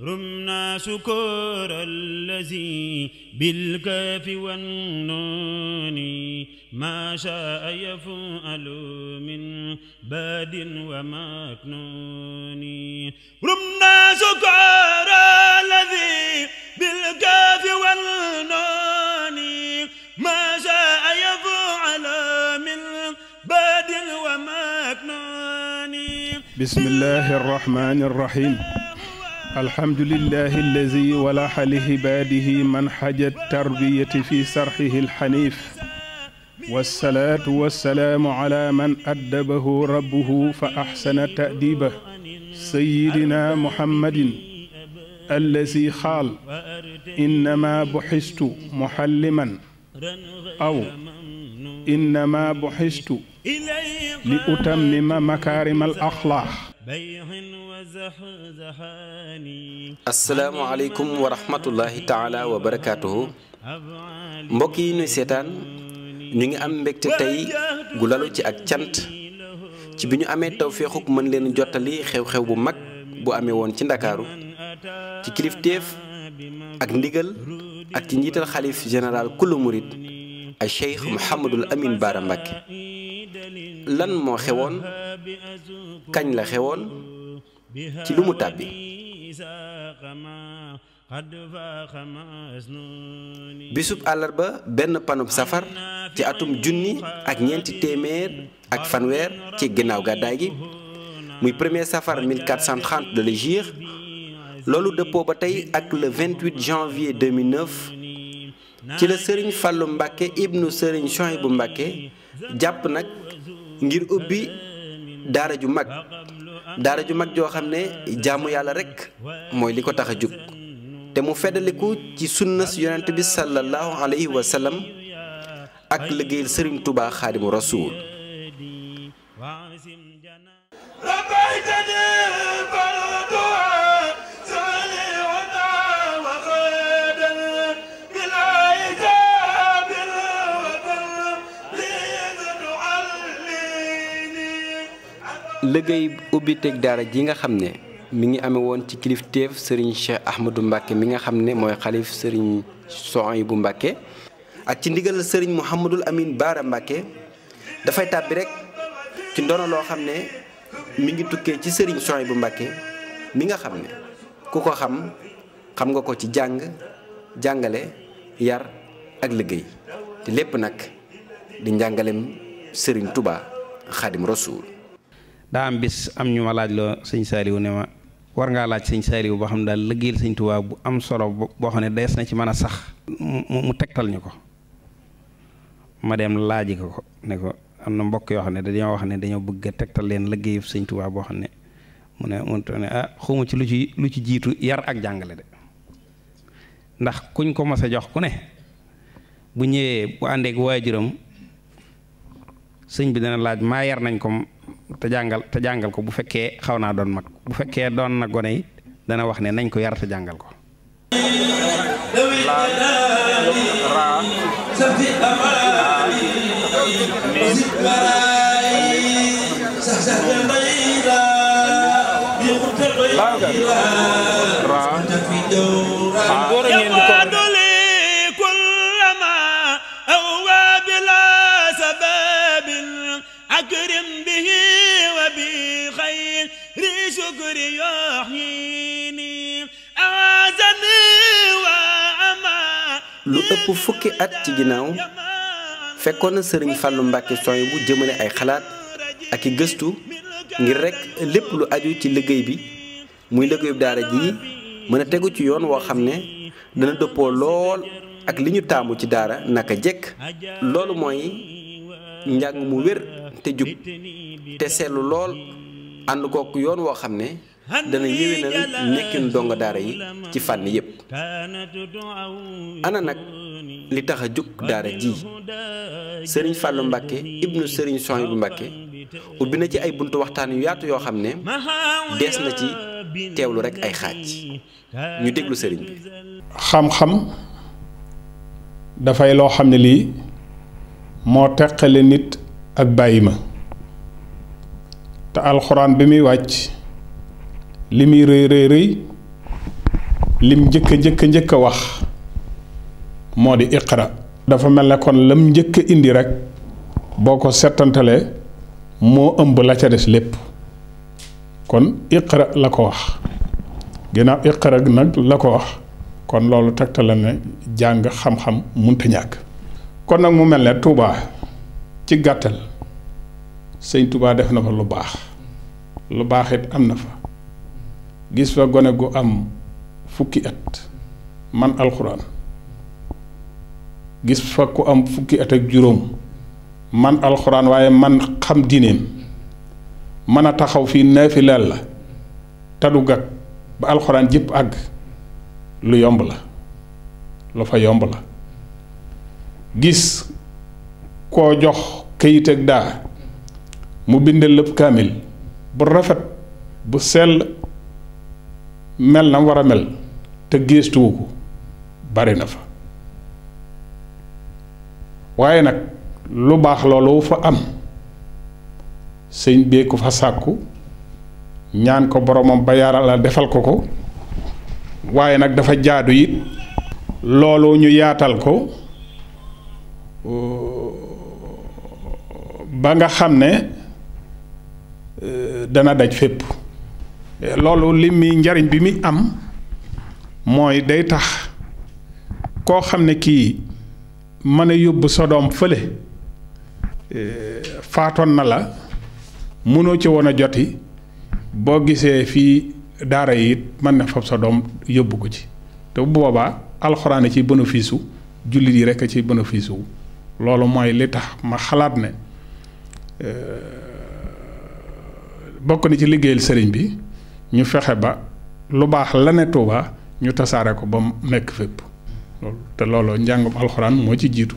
رمنا سكور الذي بالكاف والنون ما شاء يفعل من باد ومكنون رمنا سكور الذي بالكاف والنون ما شاء يفعل من باد ومكنون بسم الله الرحمن الرحيم alhamdulillahi allazi walaxa li cibaadihi manhaja tarbiyati fi sarxihi alxanif wassalaatu wassalaamu ala man addabahu rabbuhu fa axsana ta'diba sayidina muhammadin allazi xaal innama buxistu muxalliman aw innama buxistu li utammima makaarimal axlaaq asalaamaaleykum wa rahmatullahi taala wa mbokk yi ñuy seetaan ñu ngi am mbégte tey gu lalu ci ak cant ci bi ñu amee tawféexuk mën leen jottali xew-xew bu mag bu amee woon ci ndakaaru ci kilifteef ak ndigal ak ci njiital xalif général kullu murit ak cheikh Mouhamadul Amine Bara Mbacké lan moo xewoon kañ la xewoon ci lu mu tàbbi bisub àllarba benn panub safar ci atum junni ak ñeenti téeméer ak fanweer ci ginnaaw gàddaay gi muy premier safar 1430 de l'hégire loolu dëppoo ba tey ak le 28 janvier 2009 ci la sëriñ Fallou Mbacke ibnu sëriñ Souhaïbou Mbacke jàpp nag ngir ubbi daara ju mag daara ju mag joo xam ne jàmm yàlla rekk mooy li ko tax a jóg te mu feddaliku ci sunna si yonent bi sallallahu alayhi wa ak liggéeyal sëriñ tubaa xaadimu rasuul liggéey ubbiteeg daara ji nga xam ne mi ngi amee woon ci kilifteef Serigne Cheikh Ahmadou Mbacke mi nga xam ne mooy xalif Serigne bu Mbacke ak ci ndigal Serigne Mouhamadul Amine Baara Mbacke dafay tàbbi rek ci ndono loo xam ne mi ngi tukkee ci Serigne bu Mbacke mi nga xam ne ku ko xam xam nga ko ci jàng jàngale yar ak liggéey te lépp nag di njàngalem Serigne tubaa Xaadim Rasuul daa am bis am ñu ma laaj loo sëñ saaliwu ne ma war ngaa laaj sëñ saaliwu boo xam daal liggéeyal sëñ Tuubaa bu am solo boo xam ne dees na ci man a sax mu tegtal ñu ko ma dem laaj ko ko ne ko am na mbokk yoo xam ne dañoo wax ne dañoo bëgg a leen liggéeyu sëñ boo xam ne mu ne mu ne ah xawma ci lu ci lu ci jiitu yar ak jàngale de ndax kuñ ko mas jox ku ne bu ñëwee bu àndeek waajuram sëñ bi dana laaj maa yar nañ ko te jàngal te jàngal ko bu fekkee xaw naa doon mag bu fekkee doon na gone dana wax ne nañ ko yar jàngal ko الصبر يحييني lu ëpp fukki at ci ginnaaw fekkoon na sëriñ Fàllu Mbàkke sooy bu jëmale ay xalaat ak i gëstu ngir rekk lépp lu aju ci liggéey bi muy liggéeyu daara ji mën a tegu ci yoon woo xam ne dana dëppoo lool ak li ñu taamu ci daara naka jekk loolu mooy njàng mu wér te jub te seetlu lool ànd kook yoon woo xam ne dana yéwénal nekkin dongo daara yi ci fànn yépp ana nag li tax a jóg daara ji sëriñ Fàllu Mbàkke ibnu sëriñ Sohaybu Mbàkke ubbi na ci ay buntu waxtaan yu yaatu yoo xam ne dees na ci teewlu rekk ay xaaj ñu déglu sëriñ bi xam-xam dafay loo xam ne lii moo teqale nit ak bàyyi ma te alxuraan bi muy wàcc li muy rëy rëy rëy lim njëkk a njëkk a njëkk a wax moo di iqra dafa mel ne kon lam njëkk a indi rekk boo ko settantalee moo ëmb la ca des lépp kon iqra la ko wax ginnaaw iqra nag la ko wax kon loolu tegtale ne jàng xam-xam munta ñàkk kon nag mu mel ne Tuubaa ci gàttal sëñ Touba def na fa lu baax lu baaxit am na fa gis fa gone gu am fukki at man alxuraan gis fa ku am fukki at ak juróom man alxuraan waaye man xam diineem mën a taxaw fii naafileel la tadu gag ba alxuraan jëpp àgg lu yomb la lu fa yomb la gis koo jox këyit ak daa mu bindal lépp kaamil bu rafet bu sell mel na war a mel te géestuwu ko bari na fa waaye nag lu baax loolu fa am sëñ bee fa sàkku ñaan ko boromam ba yaaral la defal ko ko waaye nag dafa jaadu it loolu ñu yaatal ko ba nga xam ne Euh, dana daj fépp loolu li muy njariñ bi muy am mooy day tax koo xam ne kii mën a yóbbu sa doom fële euh, faatoon na la mënoo ci woon a joti boo gisee fii daara yi it mën na fab sa doom yóbbu ko ci te booba boobaa alxuraan ci bénéfice u jullit yi rekk ci bénéfice wu loolu mooy li tax ma xalaat ne euh, bokk na ci liggéeyal sëriñ bi ñu fexe ba lu baax la ne Tuuba ñu tasaare ko ba mu nekk fépp te looloo njàngum alxuraan moo ci jiitu.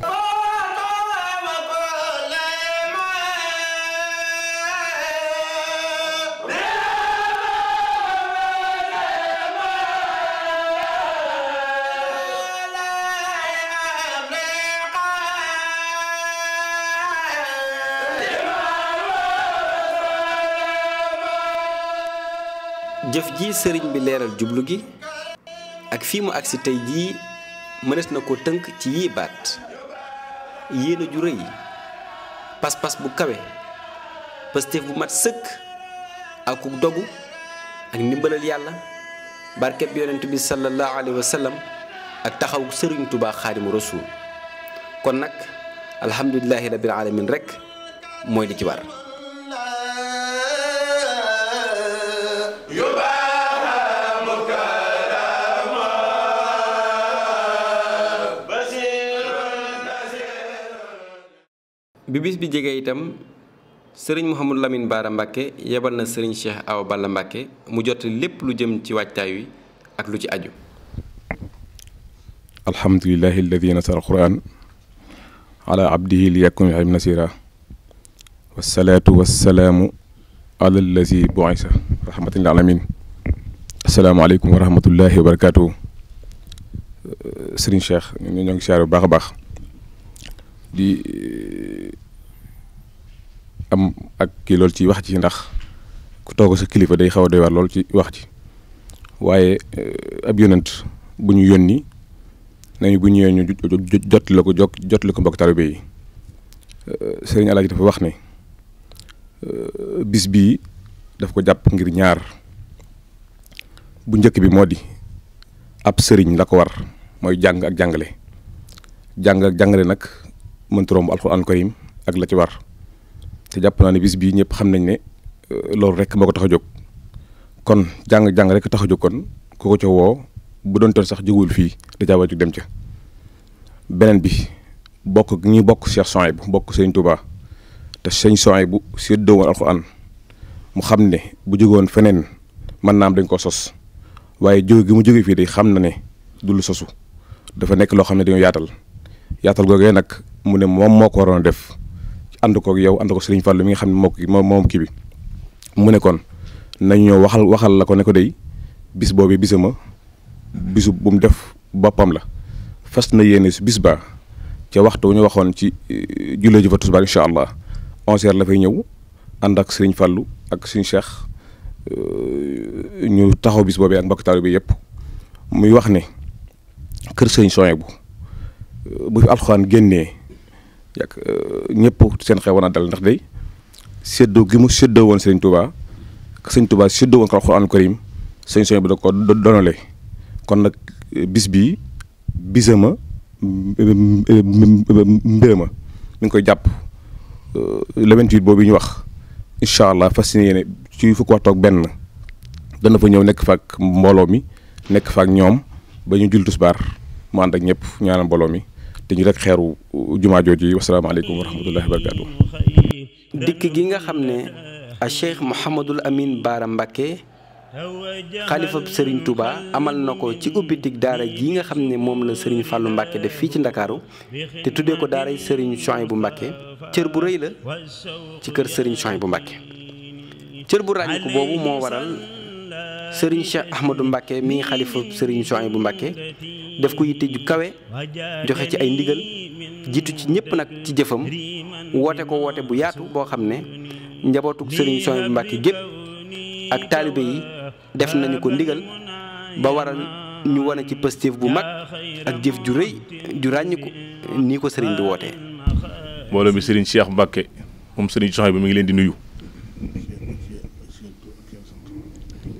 sëriñ bi leeral jublu gi ak fii mu agsi tey jii mënees na ko tënk ci yii baat yéena ju rëy pas-pas bu kawe pëstéef bu mat sëkk ak ku dogu ak ndimbalal yàlla barkeb yonent bi sallallahu alayhi wa ak taxaw sëriñ tubaa xaadimu rasuul kon nag alhamdulillahi rabbil alamin rek mooy li ci war bi bis bi jege itam sëriñ Mouhamadou Lamine Bara Mbacke yebal na sëriñ Cheikh Awa Balla mu jot lépp lu jëm ci waajtaay wi ak lu ci aju alhamdulillahi alladi nasara alquran ala abdihi li yakun bi nasira wasalaatu wasalaamu ala allazi buisa rahmatin lil alamin asalaamaaleykum wa rahmatullahi wa barakatuh sëriñ Cheikh ñoo ngi siyaar bu baax a baax di eh, am ak kii lool ci wax ci ndax ku toog sa kilifa day xaw a doy waar lool ci wax ci waaye eh, ab yonent bu ñu yónni nañu bu ñu yónni jot la ko jok jot la ko mbokk taalibe yi eh, sëriñ Alaaji dafa wax ne bis bii daf ko jàpp ngir ñaar bu njëkk bi moo di ab sëriñ la ko war mooy jàng ak jàngale jàng ak jàngale nag mënta romb alxuraan karim ak la ci war te jàpp naa ne bis bii ñëpp xam nañ ne euh, loolu rek moo ko tax a jóg kon jàng-jàng rek tax a jóg kon ku ko ca woo bu doon toon sax jógul fii dajaa war a dem ca beneen bi bokk gi ñuy bokk Cheikh Souhaïbou bu bokk Serigne Touba te Serigne Souhaïbou bu séddoo woon alxuraan mu xam ne bu jógoon feneen mën naa am dañ koo sos waaye jóge gi mu jóge fii day xam na ne du lu sosu dafa nekk loo xam ne dañoo yaatal yaatal googee nag mu ne moom moo ko waroon def ànd koog yow ànd ko Serigne Fallou mi ngi xam ne moo ko moom kii bi mu ne kon nañu ñoo waxal waxal la ko ne ko dey bis boobu bisama bisu bu mu def boppam la fas na yéene si bis ba ca waxtu wu ñu waxoon ci eh, jullee ji fa tusbaar incha allah onze la fay ñëw ànd ak Serigne Fallou ak Serigne Cheikh eh, ñu taxaw bis boobee ak mbokk bi yëpp muy wax ne kër Serigne Souhaïbou eh, bu fi alxuraan génnee yàgg euh, ñëpp seen xew a dal ndax day séddoo gi mu séddoo woon sëñ Touba sëñ Touba séddoo woon ko Alxuraan Karim sëñ sëñ bi da ko kon nag euh, bis ma bisama ma mi ngi koy jàpp euh, le 28 yi ñu wax incha allah fas yéene ci fukk waxtu benn dana fa ñëw nekk fa ak mbooloo mi nekk fa ak ñoom ba ñu jul tusbaar mu ànd ak ñëpp ñaanal mbooloo mi. te ñu rek xeeru jumaa jooju wasalaamaaleykum wa rahmatullahi wa barakaatu. dikk gi nga xam ne a Cheikh Mouhamadul Amin Baara Mbacké xalifa sëriñ Touba amal na ko ci ubbitik daara ji nga xam ne moom la sëriñ Fallou Mbacké def fii ci Ndakaaru te tuddee ko daaray Serigne bu Mbacké cër bu rëy la ci kër Serigne Souhaïbou Mbacké cër bu ràññiku boobu moo waral. sëriñ Cheikh Ahmadou Mbacke mii xalifa sëriñ bu Mbacke def ko yitte ju kawe joxe ci ay ndigal jiitu ci ñëpp nag ci jëfam woote ko woote bu yaatu boo xam ne njabootug sëriñ Souhaïbou Mbacke gépp ak taalibe yi def nañu ko ndigal ba waral ñu wane ci positif bu mag ak jëf ju rëy ju ràññiku nii ko sëriñ bi wootee. mbooloo mi sëriñ Cheikh Mbacke moom sëriñ Souhaïbou mi ngi leen di nuyu.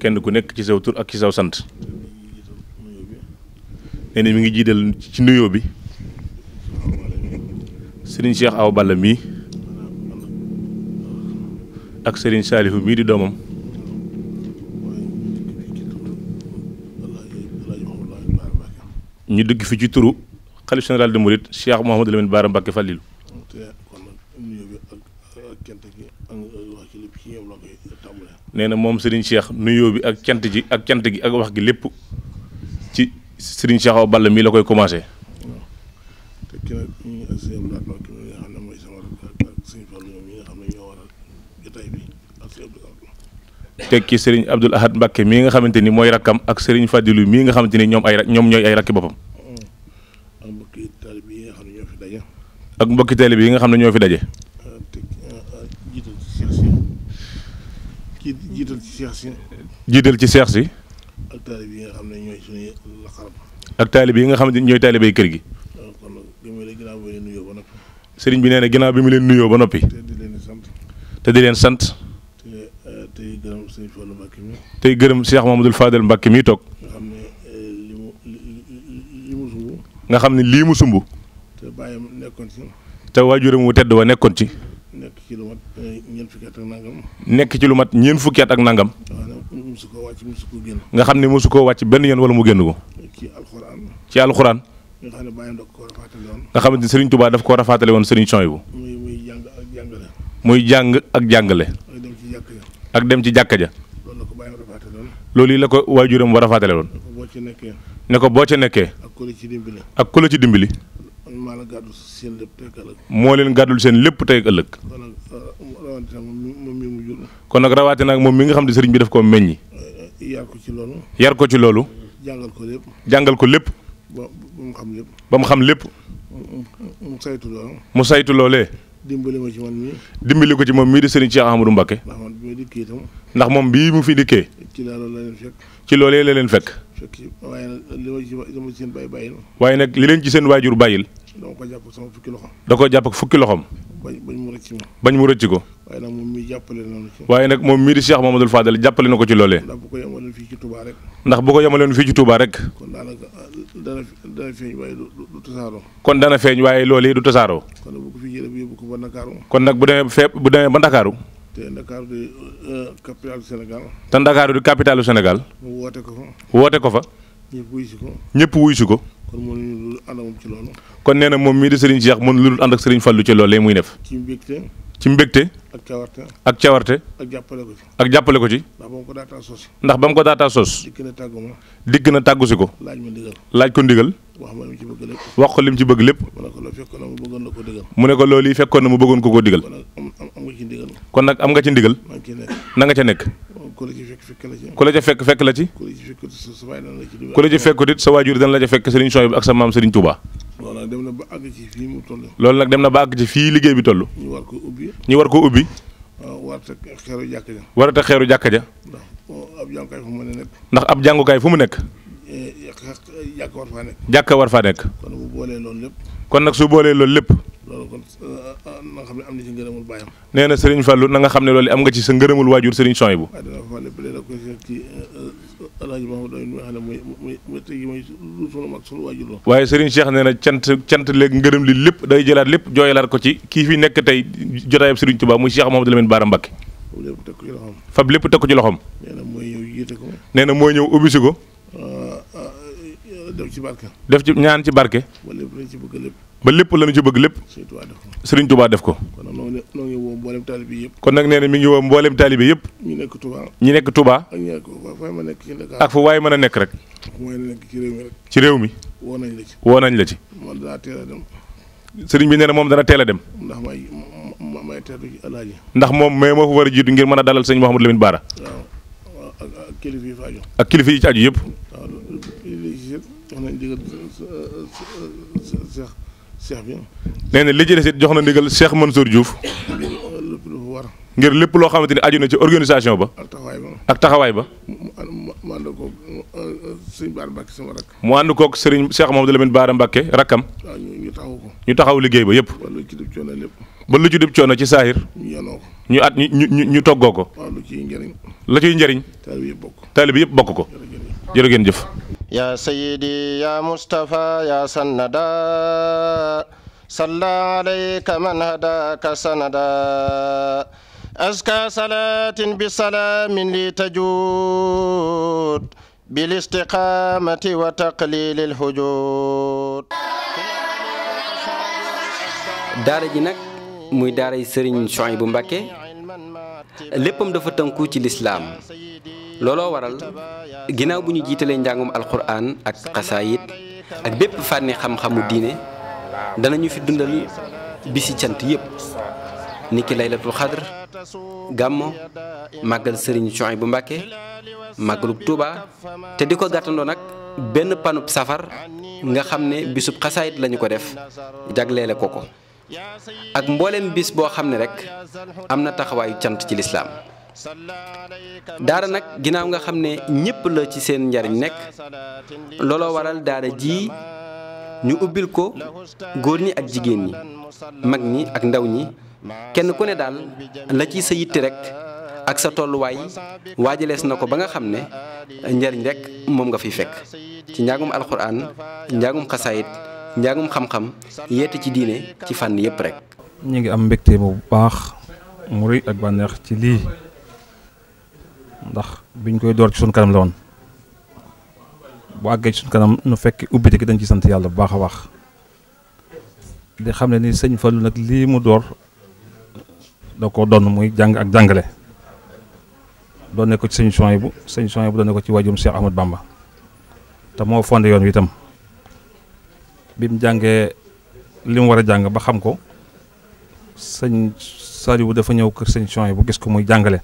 kenn ku nekk ci saw tur ak ci saw sant nee mi ngi jiital ci nuyoo bi sëriñ Cheikh aw Balla mii ak sëriñ Saalihu mii di doomam ñu dëgg fi ci turu xalif général de Mouride Cheikh Mouhamadou Lamine Bara Mbacké nee na moom Serigne Cheikh nuyoo bi ak cant ji ak cant gi ak wax gi lépp ci Serigne Cheikh Awa mii la koy commencé. tekki nag ñu ak sëñ Abdou mooy sama rakk ak sëñ Fallou ñoom ñi nga mii nga xamante ni mooy rakkam ak sëriñ Fadilou mii nga xamante ni ñoom ay ñoom ñooy ay rakki boppam. Mm. ak mbokki taalibe yi nga xam ne ñoo fi daje. ak mbokki taalibe yi nga xam ne ñoo fi daje. jiital ci seex si. jiital ci seex si. ak taalib yi nga xam ne ñooy suñuy laqarab. ak taalib yi nga xam ne kër gi. kon ginnaaw bi leen nuyoo sëriñ bi nee na bi mu leen nuyoo ba noppi. te di leen sant. te di leen sant. Eh, tey gërëm sëriñ Fallou Mbacke mi. gërëm Cheikh Mamadou Fadel Mbacke mi toog. nga xam ne eh, lii mu lii mu sumb. te bàyyam tedd wa nekkoon ci. nekk ci lu mat eh, ñeent fukki at ak nangam. nekk ci lu mat ñeent fukki at ak nangam. musu koo wàcc musu koo génn. nga xam ne musu koo wàcc benn yoon wala mu génn ko. ci alxuraan. ci alxuraan. nga xam ne bàyyam da koo rafaatale ni Serigne Touba daf koo rafaatale woon Serigne Souhaïbou. muy muy jàng ak jàngale. ak jàngale. ak dem ci jàkka ja. ak dem loolu ko bàyyam rafaatale woon. yi la ko waajuram wa rafaatale woon. ne ko boo ca nekkee. ne ko boo ca nekkee. ak ku ci dimbali. ak ku ci dimbali. maa la gàddul seen lépp tey ëllëg. moo leen gàddul seen lépp tey ëllëg. kon nag uh, rawatina nag moom mi nga xam ne sëriñ bi def koo meññi. Uh, yar ko ci loolu. yar ko ci loolu. jàngal ko jàngal ko lépp. ba mu xam xam lépp. mu mu saytu loolee. dimbali ma ci ko ci moom mii di sëriñ Cheikh Ahmadou Mbacké. ndax man bi ndax moom bii mu fi dikkee. ci loolu la fekk. ci loolee la leen fekk. fekk waaye nag li ma ci seen bàyyi bàyyil. li leen ci seen waajur bàyyil. dama ko jàpp sama fukki loxo. da koo jàpp ak fukki loxoom. bañ bañ mu rëcc bañ mu rëcc ko. waaye nag moom mii jàppale na ci. waaye nag moom mii di Cheikh Mamadou jàppale na ko ci loolee. ndax bu ko yemaloon fii ci Touba rek. ndax bu ko yemaloon kon ah, dana dana feeñ waaye du du tasaaroo. kon dana feeñ du tasaaroo. kon nag bu demee fee bu demee ba Ndakaaru. te Dakar di euh, capitale Sénégal. te Dakar di capitale Sénégal. mu woote ko fa. woote ko fa. ñëpp wuy ko. ñëpp wuy ko. kon moom lu dul ànd moom ci loolu. kon nee na moom mii di Serigne Cheikh mën lu dul ànd ak Serigne Fallou ci loolu lay muy def. ci mbégte. ci mbégte. ak cawarte. ak cawarte. ak jàppale ko ci. ak jàppale ko ci. ndax ba mu ko daataa sos. ndax ba mu ko daataa sos. dikk na tàggu na tàggu si ko. laaj ma ndigal. laaj ko ndigal. wax ma lim ci bëgg ko lim ci bëgg lépp. mu ne ko loolu fekkoon na mu bëggoon ko mu ne ko loolu yi fekkoon na mu bëggoon ko ko digal. kon nag am nga ci ndigal. na nga ca nekk. ko la ci la ci. ca fekk fekk la ci. ku la ci fekk sa fekkut it sa waajur dana la ca fekk Serigne Souhaïbou ak sa maam Serigne Touba. loolu nag dem na ba àgg ci fii mu toll. loolu nag dem na ba àgg fii liggéey bi toll. ñu war ko ubbi. ñu war ko ubbi. Ah, warata xeeru jàkka ja. xeeru jàkka ja. ndax oh, ab jàngukaay fu mu nekk. ndax ab jàngukaay fu mu nekk. Eh, jàkka war faa nekk. jàkka war faa nekk. kon bu kon nag su boolee loolu lépp. loolu kon euh, euh, na nga xam ne am na ci ngërëmul nee na Serigne Fallou na xam ne loolu am nga ci sa ngërëmul waajur Serigne Souhaïbou. waaw dina ko fa euh, ne bu dee da koy seet waaye Serigne Cheikh nee na cant cant léeg ngërëm li lépp day jëlaat lépp jooyalaat ko ci kii fi nekk tey jotaayam Serigne Touba muy Cheikh Mouhamadou Lamine Bara Mbacké. fab lépp teg ci loxoom. nee mooy ñëw jiite nee na mooy ñëw ubbi ko. def ci barke. def ci ñaan ci barke. ba lépp lañ ci bëgg lépp. ba lépp ci bëgg lépp. Serigne Touba def ko. kon nag noo yëpp. kon nag nee mi ngi woo mboolem taalibe yëpp. ñi nekk Touba. ñi nekk Touba. ak fu waay mën a nekk rek. ci réew mi. woo nañ nañ la ci. a sëriñ bi nee moom dana teel a dem. ndax may may teetu ci ndax moom mais moo war a jiitu ngir mën a dalal sëñ Mouhamadou Lamine Bara. waaw ak kilifa yi fa ci aju yëpp. wax nañ ndigal euh, euh, euh, Cheikh bi. nee na li ci des jox na ndigal Cheikh Mansour Diouf. lépp lu ngir lépp loo xamante ni aju na ci organisation ba. ak taxawaay ba ak mu ànd kook sëriñ Baara Mbacke sama rakk. mu ànd koog Baara Mbacke rakkam. ñu taxaw liggéey ba yëpp. ba lu ci dib coono ci dib ñu yanoo ñu ñu ñu ñu toggoo ko. waaw lu ciy njëriñ. la ciy njëriñ. taalibe yëpp bokk yëpp bokk ko. jërë ngeen jëf يا سيدي يا مصطفى يا سندا صلى عليك من هداك سندا أزكى صلاة بسلام لتجود بالاستقامة وتقليل الهجود daara ji nag muy daaray Serigne Souhaïbou Mbacké léppam dafa tënku ci lislaam looloo waral ginnaaw bu ñu jiitalee njàngum alxuraan ak xasaayit ak bépp fànni xam-xamu diine danañu fi dundal bisi cant yépp niki laylatul xadr gàmmo màggal sëriñ Suhaybu Mbàkke màggalub Tuuba te di ko gàttandoo nag benn panub safar nga xam ne bisub xasaayit lañu ko def jagleele ko ko ak mbooleem bis boo xam ne rekk am na taxawaayu cant ci lislaam daara nag ginnaaw nga xam ne ñépp la ci seen njariñ nekk looloo waral daara ji ñu ubbil ko góor ñi ak jigéen ñi mag ñi ak ndaw ñi kenn ku ne daal la ci sa yitti rek ak sa tolluwaay waajalees na ko ba nga xam ne njariñ rek moom nga fiy fekk ci njàngum alxuraan njàngum xasaayit njàngum xam-xam yeete ci diine ci fànn yépp rek ñu ngi am mbegte bu baax mu rëy ak bànneex ci lii ndax biñ koy door ci suñ kanam la woon bu àggee ci suñ kanam nu fekk ubbite gi dañ ci sant yàlla bu baax a baax di xam ne ni sëñ Fallou nag lii mu door da ko donn muy jàng ak jàngale doon ne ci sëñ Souhaïbou sëñ Souhaïbou doon ne ko ci wajum Cheikh Ahmad Bamba te moo fondé yoon wi itam bi mu jàngee li mu war a jàng ba xam ko sëñ sari bu dafa ñëw kër sëñ bu gis ko muy jàngale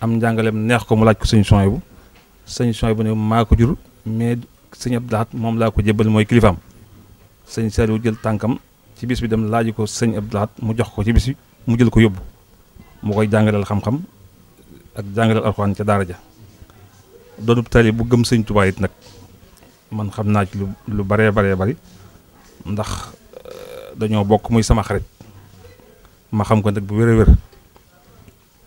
am njàngaleem neex ko mu laaj ko sëñ Suwaybu bu sëñ Suwaybu bu ne maa ko jur mais sëñ Abdou moom laa ko jébbal mooy kilifaam sëñ Saliou jël tànkam ci bis bi dem laaj ko sëñ Abdou mu jox ko ci bis bi mu jël ko yóbbu mu koy jàngaleel xam-xam ak jàngaleel alxuraan ca daara ja doonub tali bu gëm sëñ Tuubaa it nag man xam naa ci lu lu baree baree bari ndax eh, dañoo bokk muy sama xarit ma xam ko nag bu wér a wér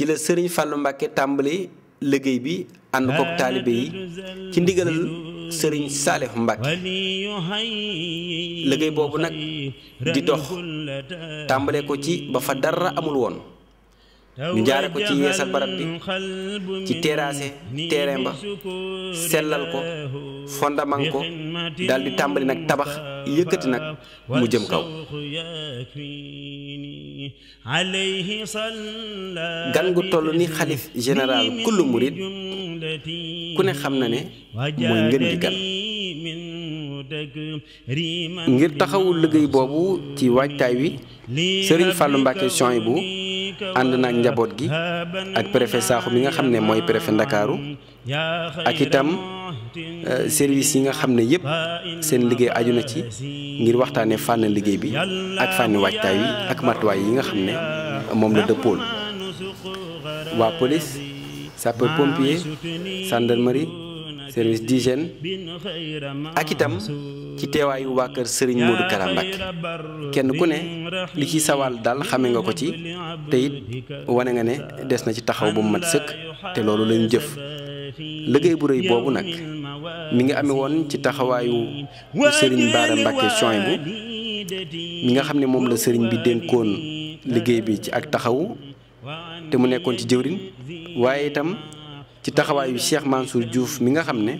ci la sëriñ Fallou Mbacke tàmbali liggéey bi ànd kook taalibe yi ci ndigalal sëriñ Saalif Mbacke liggéey boobu nag di dox tàmbale ko ci ba fa dara amul woon ñu ko ci yeesal barab bi ci terrasse terrain ba sellal ko fondement ko daal di tàmbali nag tabax yëkkati nag mu jëm kaw gan gu toll ni xalis général kullu murit ku ne xam na ne mooy ngën gi gan ngir taxawul liggéey boobu ci waajtaay wi sëriñ Fallou Mbacke Coy bu ànd naag njaboot gi ak préfet Sakho mi nga xam ne mooy préfet Ndakaaru ak itam Euh, service yi nga xam ne yëpp seen liggéey aju na ci ngir waxtaanee fànn liggéey bi ak fànni waajtaay yi ak matuwaay yi nga xam ne moom la dëppool waa police sapeur pompier gendarmerie service d'hygiène ak itam ci teewaayu waa kër Serigne Modou Kara kenn ku ne li ci sawal daal xame nga ko ci te wane nga ne des na ci taxaw ba mu mat sëkk te loolu lañu jëf liggéey bu rëy boobu nag mi ngi amee woon ci taxawaayu Serigne Bara Mbacké Souhaïbou mi nga xam ne moom la sëriñ bi dénkoon liggéey bi ci ak taxawu te mu nekkoon ci jëwrin waaye itam. ci taxawaayu Cheikh Mansour Diouf mi nga xam ne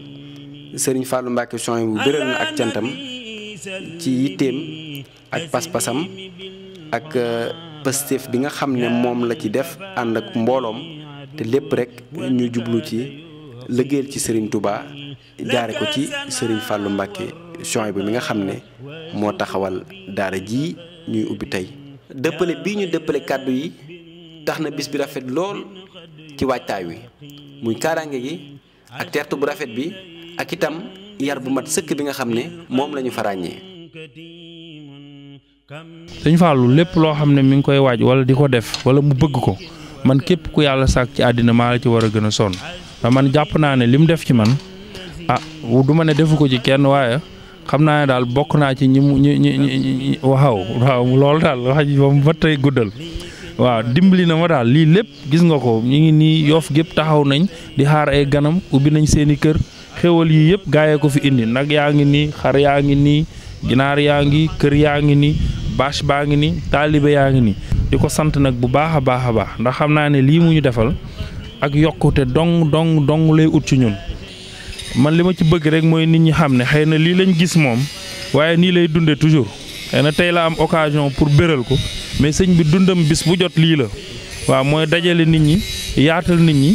sëriñ fàllu Mbacke son bu bëral na ak cantam ci yitteem ak pas-pasam ak euh, pëstéef bi nga xam ne moom la ci def ànd ak mbooloom te lépp rek ñu jublu ci liggéeyal ci sëriñ Touba jaare ko ci sëriñ fàllu Mbacke son bi mi nga xam ne moo taxawal daara ji ñuy ubbi tey dëppale bii ñu dëppale kàddu yi tax na bis bi rafet lool ci waajtaay wi muy kaaraange gi ak bu rafet bi ak itam yar bu mat sëkk bi nga xam ne moom la ñu fa ràññee. Sëñ Fallou lépp loo xam ne mi ngi koy waaj wala di ko def wala mu bëgg ko man képp ku yàlla sàkk ci àddina maa la ci war a gën a sonn ndax jàpp naa ne li mu def ci man ah du ma ne defu ko ci kenn waaye. xam naa ne daal bokk naa ci ñi mu waaw waaw loolu daal wax ji moom ba tey guddal waaw dimbali na ma daal lii lépp gis nga ko ñu ngi nii yoof gépp taxaw nañ di xaar ay ganam ubbi nañ seeni kër xéwal yii yëpp gaaye ko fi indi nag yaa ngi nii xar yaa ngi nii ginaar yaa ngi kër yaa ngi nii bâche baa ngi nii taalibe yaa ngi nii di ko sant nag bu baax a baax a baax ndax xam naa ne lii mu ñu defal ak yokkute dong dong dong lay ut ci ñun man li ma ci bëgg rek mooy nit ñi xam ne xëy na lii lañ gis moom waaye nii lay dunde toujours xëy na tey la am occasion pour béral ko mais sëñ bi dundam bis bu jot lii la waaw mooy dajale nit ñi yaatal nit ñi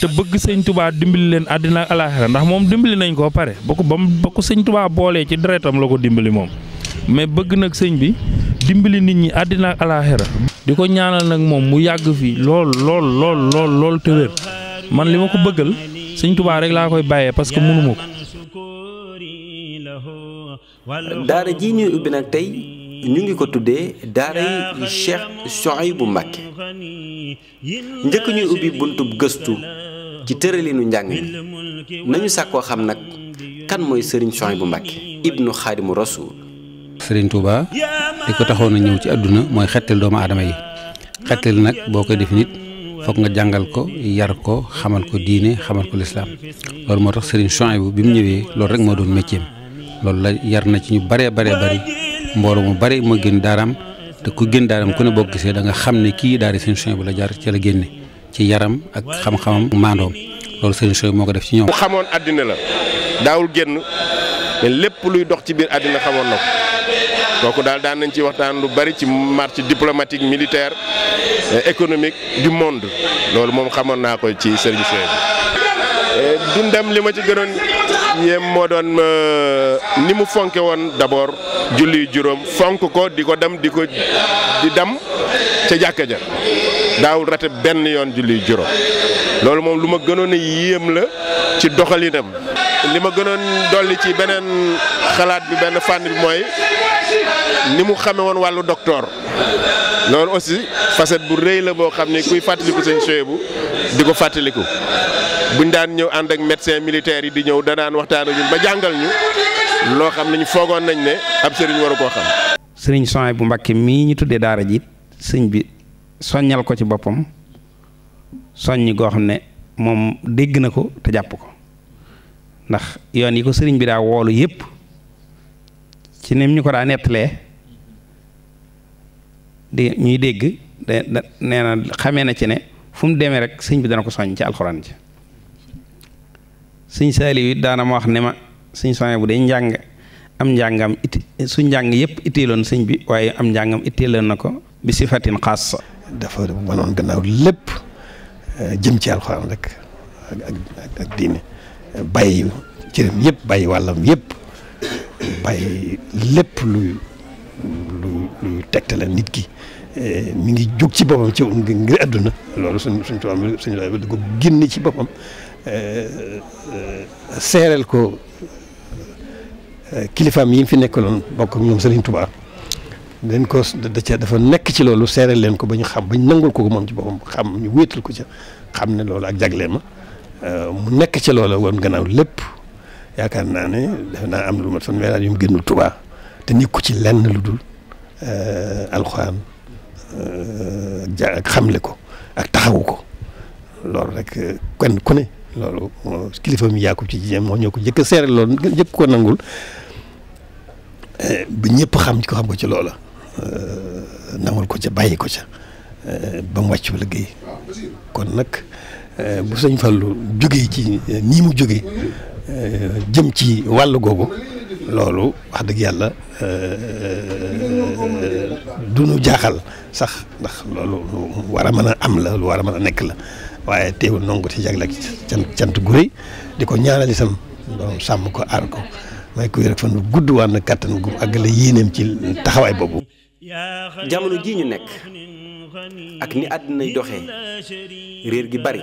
te bëgg sëñ tubaa dimbali leen àddina ak ndax moom dimbali nañ ko pare ba ko ba mu sëñ tubaa boolee ci deretam la ko dimbali moom mais bëgg nag sëñ bi dimbali nit ñi àddina ak di ko ñaanal nag moom mu yàgg fii lool lool lool lool lool te wér man li ma ko bëggal sëñ tubaa rek laa koy bàyyee parce que mënuma ko daara ji ñuy ubbi nag tey ñu ngi ko tuddee daara yi Cheikh Souhaïbou Mbacké njëkk ñuy ubbi buntub gëstu ci tëralinu njàng mi nañu sàkkoo xam nag kan mooy sëriñ Souhaïbou Mbacké ibnu xaadimu rasuul sëriñ Touba li ko taxoon a ñëw ci àdduna mooy xetteel doomu aadama yi xetteel nag boo koy def nit foog nga jàngal ko yar ko xamal ko diine xamal ko lislaam loolu moo tax sëriñ Souhaïbou bi mu ñëwee loolu rek moo doon métier loolu la yar na ci ñu baree baree bari mbooloo mu bari moo gën daaraam te ku gën daaram ku ne boo gisee danga xam ne kii daari seen soñ bu la jaar ci la génne ci yaram ak xam-xamam maandoom loolu seen soñ moo ko def ci ñoom. bu xamoon àddina la daawul génn te lépp luy dox ci biir àddina xamoon na ko kooku daal daan nañ ci waxtaan lu bari ci marche diplomatique militaire économique du monde loolu moom xamoon naa ko ci service dundam li ma yéem moo doon euh, ni mu fonke woon d'abord julli juróom fonk ko di ko dem di ko di dem ca jàkka ja daawul rate benn yoon julli juróom loolu moom lu ma gënoon yéem la ci doxalinam li ma gënoon dolli ci beneen xalaat bi benn fànn mooy ni mu xame woon wàllu docteur loolu aussi facette bu rëy la boo xam ne kuy fàttaliku sëñ Souhaibou di ko fàttaliku buñ daan ñëw ànd ak médecin militaire yi di ñëw danaan waxtaan ak ñun ba jàngal ñu loo xam ne ñu foogoon nañ ne ab sëriñ waru koo xam. sëriñ bu Mbacké mii ñu tuddee daara ji sëñ bi soññal ko ci boppam soññ goo xam ne moom dégg na ko te jàpp ko ndax yoon yi ko sëriñ bi daa woolu yépp ci nim ñu ko daa nettalee. di ñuy dégg de nee na xamee na ci ne fu mu demee rek sëñ bi dana ko soññ ci alxuraan ji sëñ Saaliw it daana wax ne ma sëñ soññ bu dee njàng am njàngam it su njàng yëpp itteeloon sëñ bi waaye am njàngam itteeloon na ko bi si sifatin xaas dafa wanoon gannaaw lépp eh, jëm ci alxuraan rek ak ak diine bàyyi cëram yëpp bàyyi wàllam yëpp bàyyi lépp luy lu lu tegtale nit ki eh, mu ngi jóg ci boppam ci ngir àdduna loolu suñ suñ tubaab suñu laaj ba ko génn ci boppam eh, eh, seereel ko kilifaam yi fi nekkaloon bokk ak ñoom Serigne Touba dañ ko da ca dafa nekk ci loolu seereel leen ko ba ñu xam ba ñu ko moom ci boppam xam ñu wéetal ko ca xam ne loolu ak jagleel ma mu nekk ci loolu woon gannaaw lépp yaakaar naa ne def naa am lu ma fan weeraat yu mu génnul Touba. te nekku ci lenn lu dul euh, alxuraan euh, ja ak xamle ko ak taxawu ko loolu rek euh, kon ku ne loolu kilifa mi yaakub ci jijéem moo ñoo ko jëkk a seere loolu jëkk ko nangul bi ñëpp xam ko xam ko ci loola nangul ko ca bàyyi ko ca ba mu wàcc liggéey kon nag bu sëñ Fallu jógee ci nii mu jóge jëm ci wàll googu loolu wax dëgg yàlla euh, du nu jaaxal sax ndax loolu lu war a mën a am la lu war a mën a nekk la waaye teewul nongu ci jagle ak cant cant gu di ko ñaanal itam doon sàmm ko aar ko may ko rek fan gudd waan na kàttan gu àggale yéeneem ci taxawaay boobu. jamono jii ñu nekk ak ni àddina yi doxee réer gi bari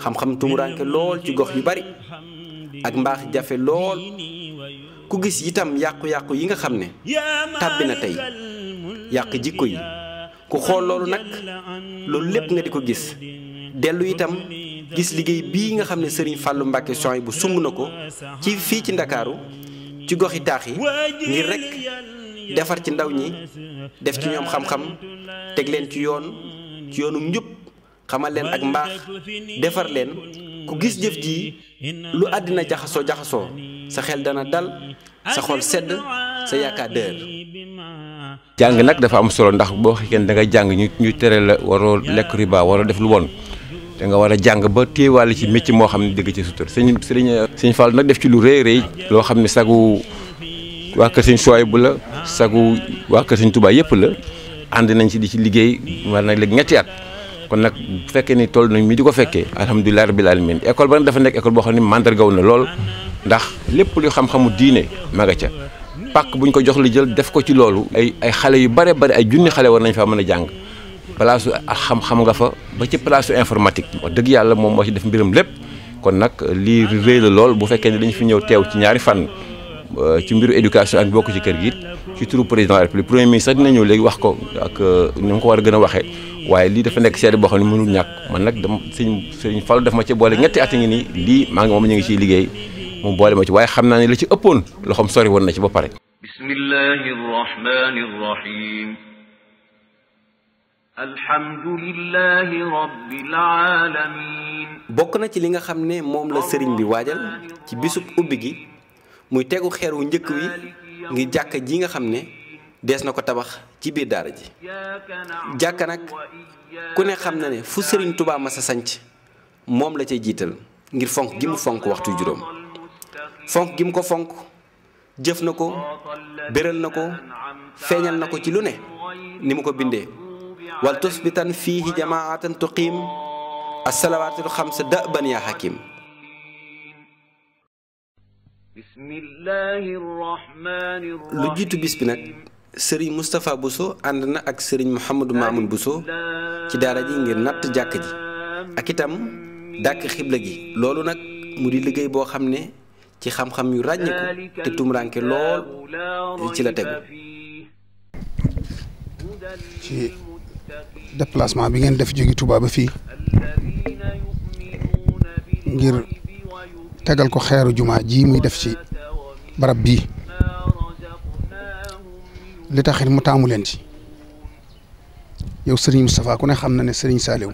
xam-xam tumuraanke lool ci gox yu bari ak mbaax jafe lool. ku gis itam yàqu-yàqu yi nga xam ne tàbbi na tey yàq jikko yi ku xool loolu nag loolu lépp nga di ko gis dellu itam gis liggéey bii nga xam ne sëriñ fàllu Mbacké Souhaïbou bu sumb na ko ci fii ci Ndakaaru ci goxi taax yi ngir rek defar ci ndaw ñi def ci ñoom xam-xam teg leen ci yoon ci yoonu njub xamal leen ak mbaax defar leen ku gis jëf ji lu àddina jaxasoo jaxasoo sa xel dana dal sa xol sedd sa yaakaar dër jàng nag dafa am solo ndax boo xëy kenn da nga jàng ñu ñu tere la waroo lekk riba waroo def lu bon da nga war a jàng ba téewaale ci métier moo xam ne dëgg ci sutur sëñ sëriñ sëñ Fall nag def ci lu rëy rëy loo xam ne sagu waa kër sëñ Suwaay bu la sagu waa kër sëñ Tuubaa yëpp la ànd nañ ci di ci liggéey war na léegi ñetti at kon nag bu fekkee ni toll nañ mi di ko fekkee alhamdulilah rabbil alamin école ba nag dafa nekk école boo xam ne mandargaw na lool ndax lépp lu xam-xamu diine ma nga ca bu ñu ko jox li jël def ko ci loolu ay ay xale yu bare bare ay junni xale nañ faa mën a jàng place xam-xam nga fa ba ci place informatique wax dëgg yàlla moom moo ci def mbiram lépp kon nag lii réy la lool bu fekkee ne dañu fi ñëw teew ci ñaari fànn euh, ci mbiru éducation ak bokk ci kër gi ci turu président de la république premier ministre sax dina ñëw léegi wax ko ak euh, ni mu ko war a gën a waxee waaye lii dafa nekk seede boo xam ne mënul ñàkk man nag dama sëñ sëñ Fallou daf ma ci boole ñetti at ngi nii lii maa ngi moom ñu ngi ciy liggéey mu boole ma ci waaye xam naa ne la ci ëppoon loxoom sori woon na ci ba pare. bismillahi rahmani rahim. bokk na ci li nga xam ne moom la sëriñ bi waajal ci bisub ubbi gi muy tegu xeer wu njëkk wi ngir jàkk ji nga xam ne. dees na ko tabax ci biir daara ji jàkka nag ku ne xam na ne fu sëriñ Tuubaa sa sanc moom la cay jiital ngir fonk gi mu fonk waxtu juróom fonk gi mu ko fonk jëf na ko béral na ko feeñal na ko ci lu ne ni mu ko bindee wal fii fiihi jamaatan tuqiim assalawaatul xamsa da'ban yaa hakiim bis bi nag sëriñ Moustapha Bousso ànd na ak sëriñ Mouhamadou Mamoun Bousso ci daara ji ngir natt jàkk ji ak itam dàkk xibla gi loolu nag mu di liggéey boo xam ne ci xam-xam yu ràññeeku te tumuraanke lool ci la tegu ci déplacement bi ngeen def jóge Touba ba fii ngir tegal ko xeeru jumaa ji muy def ci barab bii li taxit mu taamu leen ci yow sëriñ Moustapha ku ne xam na ne sëriñ Saliou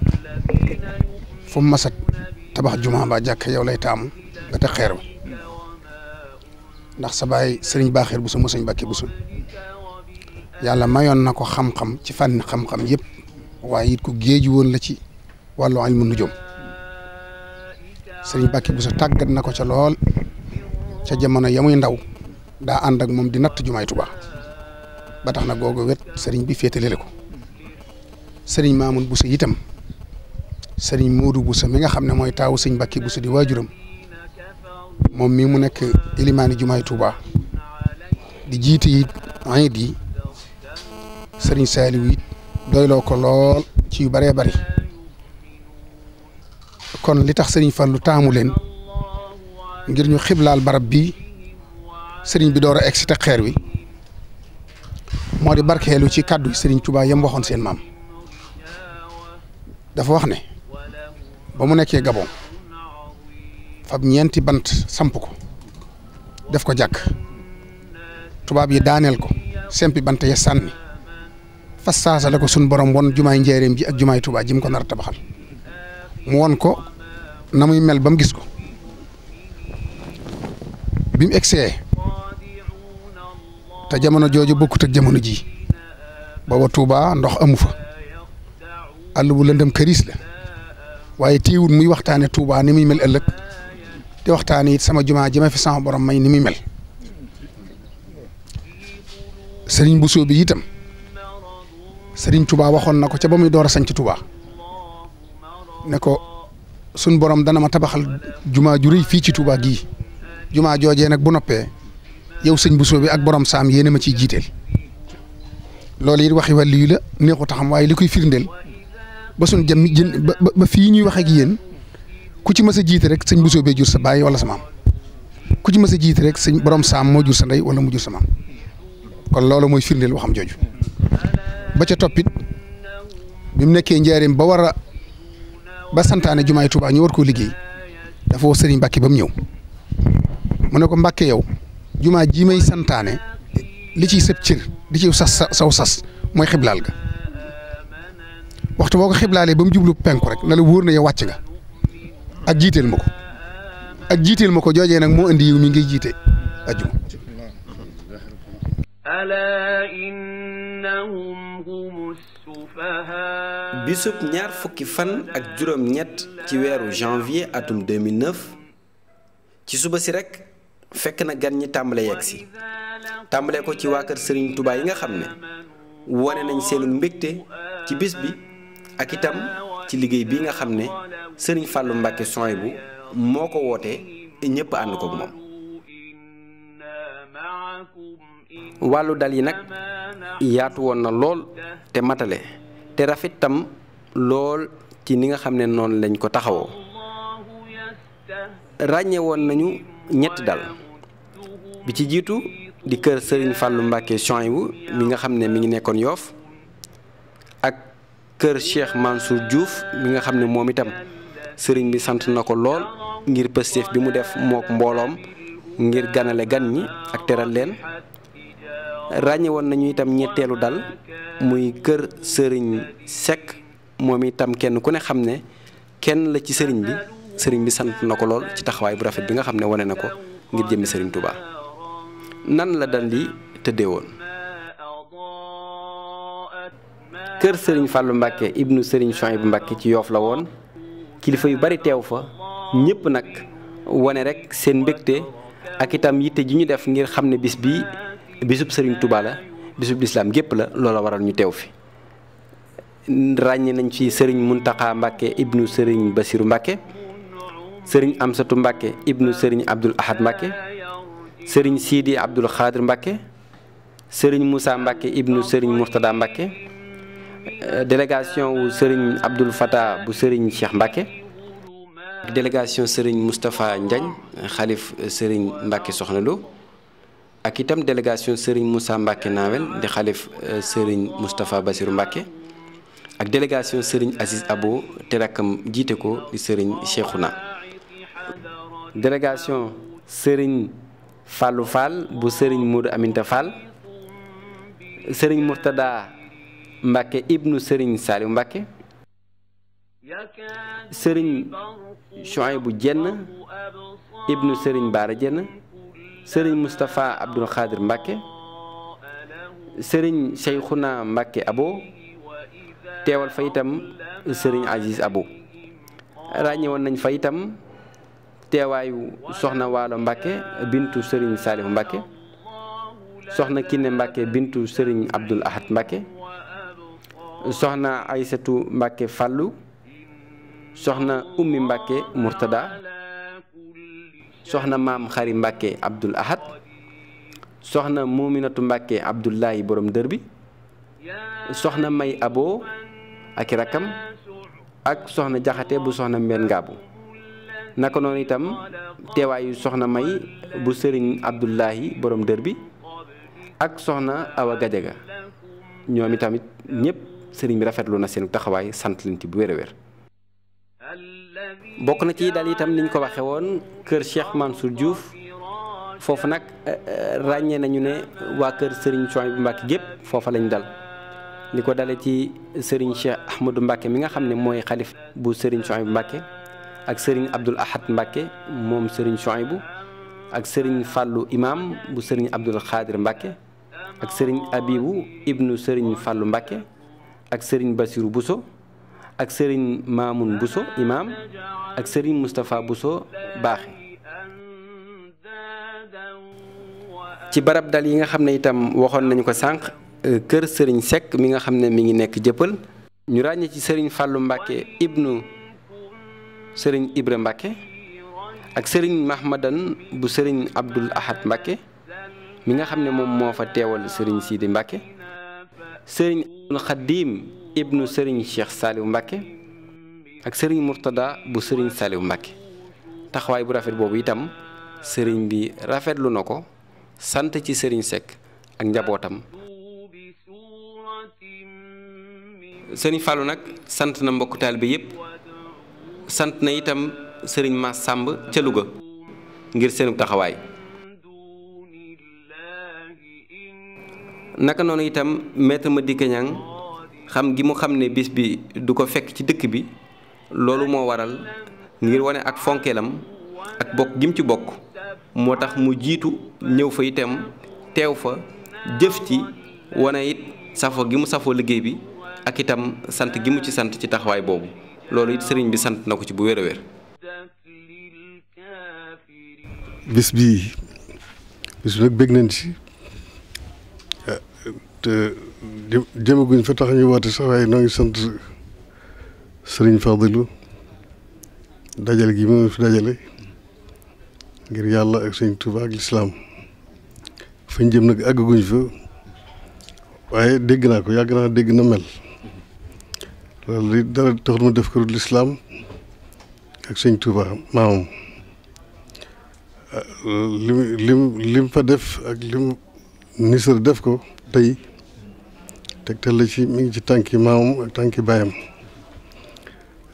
fu mu tabax juma ba jàkk yow lay taamu nga teg xeer bi ndax sa baay sëriñ baaxeer bu su mosañ bàkke bu su yàlla mayoon na ko xam-xam ci fànn xam-xam yëpp waaye it ku géeju woon la ci wàllu ilmu nujum sëriñ bàkke bu su tàggat na ko ca lool ca jamono ya ndaw daa ànd ak moom di natt jumaay Tuubaa ba tax na googu wet sëriñ bi féetale ko sëriñ Maamun Bousso itam sëriñ Modou Bousso mi nga xam ne mooy taawu sëñ Mbàkke Bousso di waajuram moom mii mu nekk ilimaani jumaay tuuba di jiite it ayit sëriñ Saaliw it doyloo ko lool ci yu bëree bëri kon li tax sëriñ Fallu taamu leen ngir ñu xiblaal barab bi sëriñ bi door a egg si te xeer wi moo di barkeelu ci kàddu Serigne Touba yam waxoon seen maam dafa wax ne ba mu nekkee Gabon fab ñeenti bant samp ko def ko jàkk tubaab yi daaneel ko sempi bant ya sànni fas saasa ko sun borom won jumaay njéeréem ji ak jumaay Touba ji ko nar a tabaxal mu won ko na muy mel ba mu gis ko bi mu egsee te jamono jooju bokkut ak jamono ji booba Touba ndox amu fa àll bu lëndëm këris la waaye téewul muy waxtaane Touba ni muy mel ëllëg di waxtaane it sama jumaa ji ma fi sama borom may ni muy mel sëriñ Bousso bi itam sëriñ Touba waxoon na ko ca ba muy door a sañ ci Touba ne ko sun borom dana ma tabaxal jumaa ju fii ci Touba gii jumaa joojee nag bu noppee yow sëñ bu bi ak borom saam yéen a ma ciy jiiteel loolu it waxi wàllu yu la neexu a xam waaye li koy firndeel ba suñ jëm jën ba ba fii ñuy wax ak yéen ku ci mës a jiit rek sëñ bu bee jur sa baay wala sa maam ku ci mës a jiit rek sëñ borom saam moo jur sa ndey wala mu jur sa maam kon loolu mooy firndeel waxam jooju ba ca toppit bi mu nekkee njaareem ba war a ba santaane jumaay Tuubaa ñu war koo liggéey dafa woo sëriñ Mbàkke ba mu ñëw mu ne ko Mbàkke yow. jumaa ji may santaane li ci sëb cër di ci sas saw sas mooy xiblaal ga waxtu boo ko xiblaalee ba mu jublu penku rek na la wóor na yow wàcc nga ak jiiteel ma ko ak jiiteel ma ko joojee nag moo indi yiw mi ngi jiite ajjuma bisub ñaar fukki fan ak juróom ñett ci weeru janvier atum 2009 ci suba si rek fekk na gan ñi tàmbale yegg si tàmbale ko ci waa kër Serigne Touba yi nga xam ne wane nañ seenu mbégte ci bis bi ak itam ci liggéey bi nga xam ne sëriñ fàllu Fallou Mbacké bu moo ko woote ñëpp ànd ko moom. wàllu dal yi nag yaatu woon na lool te matale te rafet tam lool ci ni nga xam ne noonu lañ ko taxawoo ràññe nañu. ñetti dal bi ci jiitu di kër sëriñ fàllu Mbacke Souhaïbou mi nga xam ne mi ngi nekkoon yoof ak kër Cheikh Mansour juuf mi nga xam ne moom itam sëriñ bi sant na ko lool ngir pësteef bi mu def mook mbooloom ngir ganale gan ñi ak teral leen ràññewoon nañu itam ñetteelu dal muy kër sëriñ Seck moom itam kenn ku ne xam ne kenn la ci sëriñ bi sëriñ bi sant na ko lool ci taxawaay bu rafet bi nga xam ne wane na ko ngir jëmmi sëriñ Touba nan la dal di tëddee woon. kër sëriñ Fallou Mbacke ibnu sëriñ Chouaïbou Mbacke ci yoof la woon kilifa yu bari teew fa ñëpp nag wone rek seen mbégte ak itam yitte ji ñu def ngir xam ne bis bi bisub sëriñ tubaala la bisub lislaam gépp la loola waral ñu teew fi. ràññee nañ ci sëriñ Mountakha mbàkke ibnu sëriñ Bassirou Mbacke. sëriñ Amsatu Mbàkke ibnu sëriñ Abdul Ahad Mbàkke sëriñ Sidi Abdul Xaadir Mbàkke sëriñ Moussa Mbàkke ibnu sëriñ Murtada Mbàkke euh, délégation wu sëriñ Abdul Fata bu sëriñ Cheikh Mbàkke délégation sëriñ Moustapha Ndiagne xalif sëriñ ak itam délégation sëriñ Moussa Mbàkke Nawel di xalif euh, sëriñ Moustapha Bassirou Mbàkke ak délégation sëriñ Aziz Abo te rakkam jiite ko sëriñ sëriñ Cheikhouna délégation sëriñ Fallou Fall bu sëriñ Modou Aminta Fall sëriñ Mourtada Mbacke ibnu sëriñ Saliou Mbacke sëriñ Chouaïbou Jenn ibnu sëriñ Baara Jenn sëriñ Moustapha Abdoul Khadir Mbacke sëriñ Cheikhouna Mbacke Abo teewal fa itam sëriñ Aziz Abo ràññewoon nañ fa itam teewaayu soxna Waalo Mbacke bintu Serigne Saliou Mbacke soxna Kiné Mbacke bintu sëriñ Abdoul Ahad Mbacke soxna Aysatu Mbacke Fallou soxna Ummi Mbacke Murtada soxna Maam Xari Mbacke Abdoul Ahad soxna Muminatu Mbacke Abdoulaye borom dër bi soxna May Abo ak i rakkam ak soxna Jaxate bu soxna Mbène Ngaabu naka noonu itam teewaayu soxna May bu sëriñ Abdullahi boroom dër bi ak soxna Awa Gajaga ñoom itamit ñëpp sëriñ bi rafetlu na seen taxawaayu sant leen bu wér a wér bokk na ci daal itam niñ ko waxe woon kër Cheikh Mansour Diouf foofu nag eh, eh, ràññee nañu ne waa kër sëriñ Souhaïbou bu Mbàkke gépp foofa lañu dal li ko dale ci sëriñ Cheikh Ahmadou Mbàkke mi nga xam ne mooy xalif bu sëriñ Souhaïbou bu Mbàkke ak sëriñ Abdul Ahad Mbacke moom sëriñ Chouaïbou ak sëriñ Fallou Imaam bu sëriñ Abdul Xaadir Mbacke ak sëriñ Abibu ibnu sëriñ fàllu Mbacke ak sëriñ Basiru Bousso ak sëriñ Mamoun buso Imaam ak sëriñ Moustapha buso baaxe ci barab dal yi nga xam ne itam waxoon nañu ko sànq euh, kër sëriñ sekk mi nga xam ne mi ngi nekk jëppal ñu ràññee ci sëriñ Fallou Mbacke ibnu sëriñ Ibra Mbacke ak sëriñ Mahmadan bu sëriñ Abdul Ahad Mbacke mi nga xam ne moom moo fa teewal sëriñ Sidi Mbacke sëriñ Xadim ibnu sëriñ Cheikh Saliou Mbacke ak sëriñ Murtada bu sëriñ Saliou Mbacke taxawaay bu rafet boobu itam sëriñ bi rafetlu na ko sant ci sëriñ Seck ak njabootam. sëriñ Fallou nag sant na mbokk taalibe yépp sant na itam sëriñ Mass Samb ca Louga ngir seenu taxawaay naka noonu itam maître Madické Niang xam gi mu xam ne bis bi du ko fekk ci dëkk bi loolu moo waral ngir wane ak fonkeelam ak bokk gim ci bokk moo tax mu jiitu ñëw fa itam teew fa jëf ci wane it safo gi mu safoo liggéey bi ak itam sant gi mu ci sant ci taxawaay boobu loolu it sëriñ bi sant na ko ci bu wér a wér. bis bii bis bi nag bég nañ ci te jëmaguñ fa tax ñu woote sax waaye noo ngi sant sëriñ Fadilu dajale gi moom fi dajale ngir yàlla ak sëñ Tuubaa ak lislaam fañ jëm nag àggaguñ fa waaye dégg naa ko yàgg naa dégg na mel. loolu li dara taxul ma def këru lislaam ak sëñ Touba maamam eh, lim lim lim fa def ak lim nisar def ko tey tegtal la ci mu ngi ci tànki maamam ak tànki baayam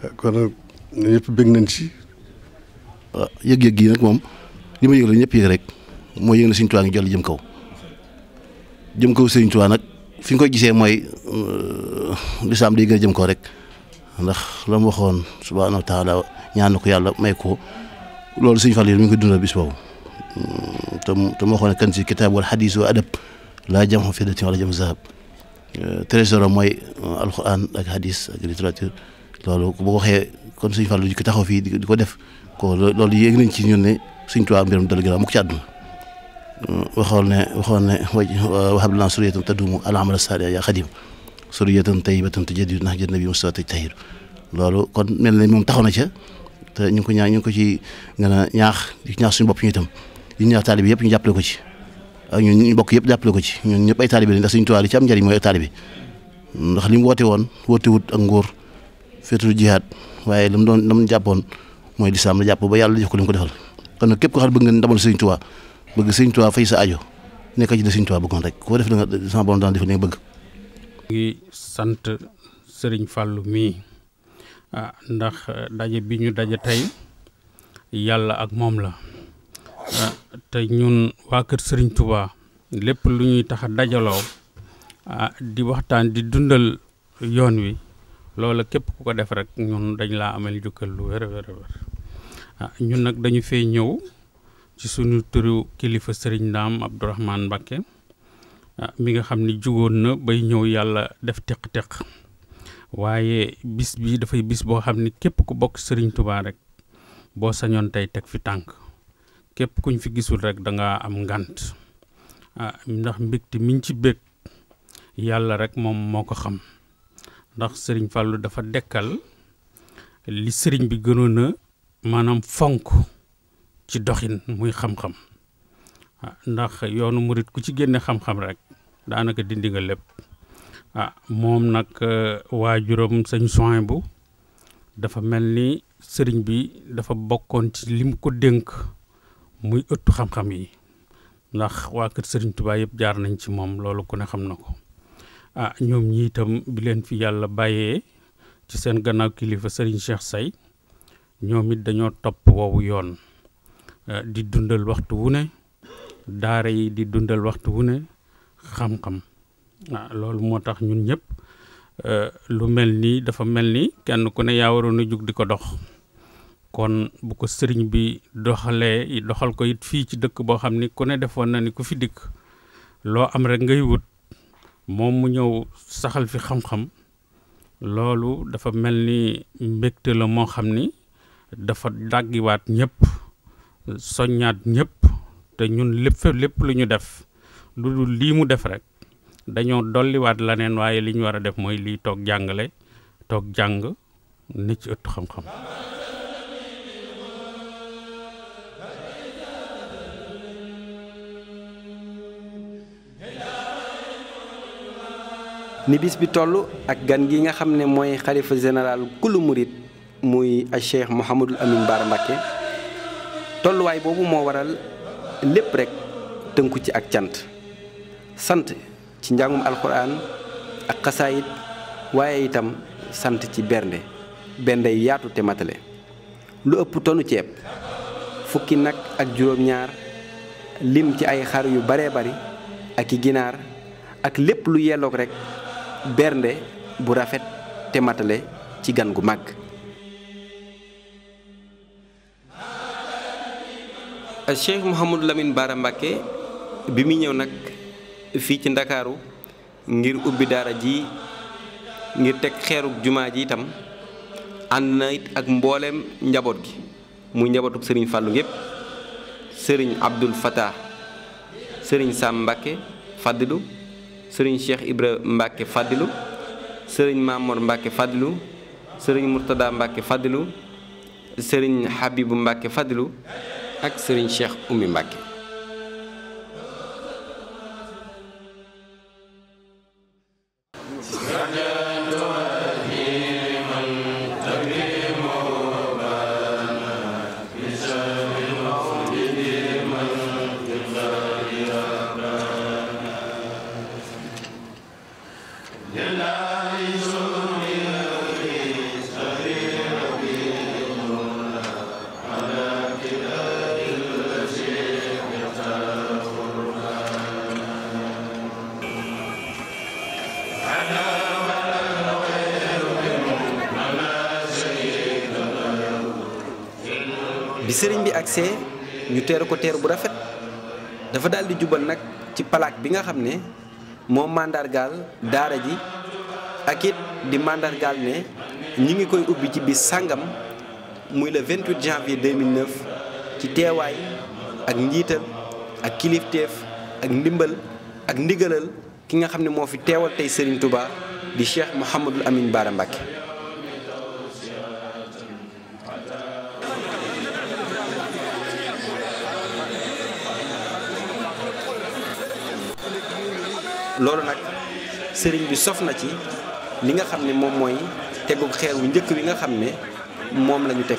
eh, kon nag ñëpp bég nañ ci. waaw ah, yëg-yëg yi nag moom li yëg la ñëpp yëg rek moo yëg na sëñ Touba ngi jàll jëm kaw jëm kaw sëñ Touba nag. fi nga koy gisee mooy euh, lislaam day gën a jëm ko rek ndax la mu waxoon subhaanahu wa taala ñaan ko yàlla may ko loolu sëñ Fall yi mi ngi koy dundal bis boobu mm, te mu te mu waxoon ne kan si kitaab wal xadiis wa adab laa jam fiddati wala jam zahab euh, trésor mooy euh, alquran ak hadis ak littérature loolu bu waxee kon sëñ Fall di ko taxaw fii di ko def ko loolu yéeg nañ ci ñu ne sëñ to mbiram dal gën a mukk ci àdduna waxoon ne waxoon ne wahab lanaa suriyatan taduumu alaa amali saalihi yaa xadim suriyatan tayyibatan tujaddidu nahja nabi Mustafa tajtahir loolu kon mel na moom taxaw na ca te ñu ko ñaax ñu ko ci gën a ñaax di ñaax suñu bopp ñu itam di ñaax taalibe yëpp ñu jàppale ko ci ak ñun ñu bokk yëpp jàppale ko ci ñun ñëpp ay taalibe lañ ndax suñu tuwaay li ci am njëriñ mooy ay taalibe ndax li mu woote woon woote wut ak nguur féetu jihaad waaye la doon la mu jàppoon mooy lislaam la jàpp ba yàlla jox ko li mu ko defal kon nag képp ko xam bëgg nga bëgg sëñ Tuubaa fay sa ajo nekk ji da sëñ Tuubaa bëggoon rek koo def nga sama borom daan defal ne bëgg. ngi sant sëriñ Fàllu mii ah ndax daje bi ñu daje tey yàlla ak moom la te ñun waa kër sëriñ Tuubaa lépp lu ñuy tax a dajaloo di waxtaan di dundal yoon wi loola képp ku ko def rek ñun dañ laa amel njukkal lu wér wér ñun nag dañu fee ñëw. ci suñu turu kilifa sëriñ Ndaam Abdourahmane Mbacké ah, mi nga xam ni jugoon na bay ñëw yàlla def teq-teq waaye bis bi dafay bis boo xam ni képp ku bokk sëriñ Touba rekk boo sañoon tey teg fi tànk képp kuñ fi gisul rek danga am ngànt ah ndax mbégte miñ ci bég yàlla rek moom moo ko xam ndax sëriñ Fallou dafa dekkal li sëriñ bi gënoon na maanaam fonk ci doxin muy xam-xam ah, ndax yoonu murit ku ci génne xam-xam rek daanaka dindi nga lépp ah moom nag euh, waajuram sëñ soin bu dafa mel ni sëriñ bi dafa bokkoon ci lim ko dénk muy ëttu xam-xam yi ndax waa kër sëriñ Tuubaa yëpp jaar nañ ci moom loolu ku ne xam na ko ah ñoom ñiitam itam bi leen fi yàlla bàyyee ci seen gannaaw kilifa sëriñ Cheikh Say ñoom it dañoo topp woowu yoon Eh, di dundal waxtu wu ne daara yi di dundal waxtu wu ne xam-xam waaw ah, loolu moo tax ñun ñëpp eh, lu mel nii dafa mel ni kenn ku ne yaa waroon a jug di ko dox kon bu ko sëriñ bi doxalee doxal ko it fii ci dëkk boo xam ni ku ne defoon na ni ku fi dikk loo am rek ngay wut moom mu ñëw saxal fi xam-xam loolu dafa mel ni mbégte la moo xam ni dafa dàggiwaat ñépp soññaat ñépp te ñun lépp lépp lu ñu def lu dul lii mu def rek dañoo dolliwaat laneen waaye liñ ñu war a def mooy lii toog jàngale toog jàng ne ci ëtt xam-xam ni bis bi toll ak gan gi nga xam ne mooy xalifa général kulu murit muy Cheikh Mouhamadul Amine Bara Mbacké tolluwaay boobu moo waral lépp rekk tënku ci ak cant sant ci njàngum alxuraan ak xasaayit waaye itam sant ci bernde bernde yu yaatu te matale lu ëpp tonu ceeb fukki nag ak juróom-ñaar lim ci ay xar yu baree bari ak i ginaar ak lépp lu yelloog rekk bernde bu rafet te matale ci gan gu màgg Cheikh Mouhamadou Lamine Bara Mbacké bi mu ñëw nag fii ci ndakaaru ngir ubbi daara ji ngir teg xeeru jumaa ji itam ànd na it ak mbooleem njaboot gi mu njabootuk sëriñ Fallou yépp sëriñ Abdul Fattah sëriñ Sam Mbacké Fadilou sëriñ Cheikh Ibra Mbacké Fadilou sëriñ Mamor Mbacké Fadilou sëriñ Murtada Mbacké Fadilou sëriñ Habibu Mbacké Fadilou ak Serigne Cheikh Oumy Mbacké dafa daal di jubal nag ci plaque bi nga xam ne moo màndargaal daara ji ak it di màndargaal ne ñi ngi koy ubbi ci bis sàngam muy le 28 janvier 2009 ci teewaay ak njiital ak kilifteef ak ndimbal ak ndigalal ki nga xam ne moo fi teewal tey Serigne Touba di Cheikh Mouhamadul Amine Bara Mbacké loolu nag sëriñ bi sof na ci li nga xam ne moom mooy tegug xeer wu njëkk wi nga xam ne moom lañu ñu teg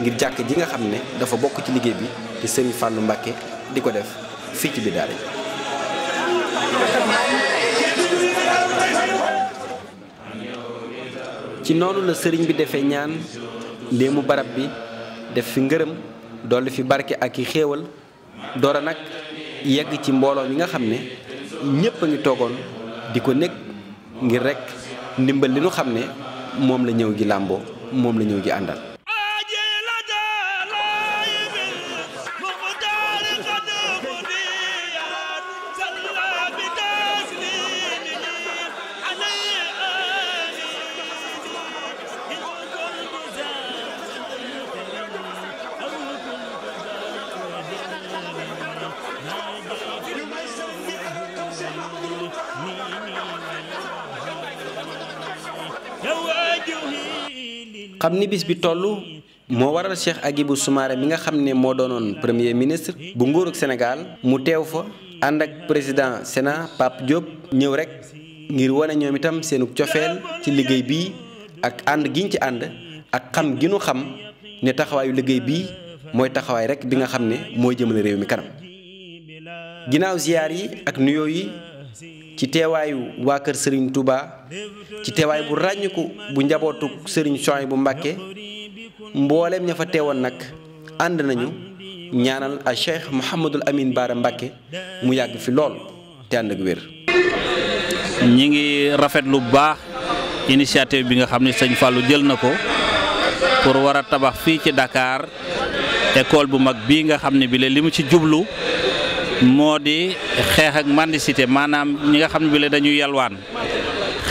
ngir jàkk ji nga xam ne dafa bokk ci liggéey bi te sëriñ Fallou Mbacké di ko def fii ci biir ji ci noonu la sëriñ bi defee ñaan léemu barab bi def fi ngërëm dolli fi barke ak i xéewal doora nag yegg ci mbooloo mi nga xam ne ñëpp a ngi toogoon di ko nekk ngi rek ndimbal li nu xam ne moom la ñëw gi làmboo moom la ñëw gi àndal xam ni bi toll moo waral Cheikh Agibou Soumaré mi nga xam ne moo doonoon premier ministre bu nguurug Sénégal mu teew fa ànd ak président Sénat Pape Diop ñëw rek ngir wane ñoom itam seenu cofeel ci liggéey bi ak ànd giñ ci ànd ak xam gi nu xam ne taxawaayu liggéey bi mooy taxawaay rek bi nga xam ne moo jëmale réew mi kanam ginnaaw ziyaar yi ak nuyoo yi ci teewaayu waa kër sëriñ Touba ci teewaay bu ràññiku bu njabootu Serigne Souhaïbou Mbacké mbooleem ña fa teewoon nag ànd nañu ñaanal a Cheikh Mouhamadul Amine Bara Mbacké mu yàgg fi lool te ànd ak wér. ñi ngi rafet lu baax initiative bi nga xam ne sëñ Fallou jël na ko pour war a tabax fii ci Dakar école bu mag bii nga xam ne bi la li mu ci jublu. moo di xeex ak mendicité maanaam ñi nga xam ne bile dañuy yalwaan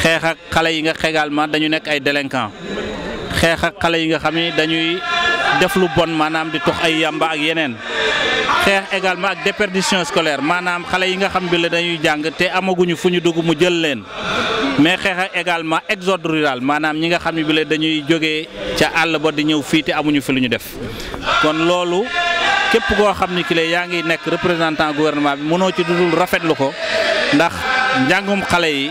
xeex ak xale yi nga également dañu nekk ay délinquant xeex ak xale yi nga xam ni dañuy def lu bon maanaam di tox ay yàmba ak yeneen xeex également ak déperdition scolaire maanaam xale yi nga xam bi la dañuy jàng te amaguñu fu ñu dugg mu jël leen mais xeex ak également exode rural maanaam ñi nga xam ne bi dañuy jógee ca àll ba di ñëw fii te amuñu fi lu ñu def kon loolu képp koo xam ni ki yaa ngi nekk représentant gouvernement bi mënoo ci dudul rafetlu ko ndax njàngum xale yi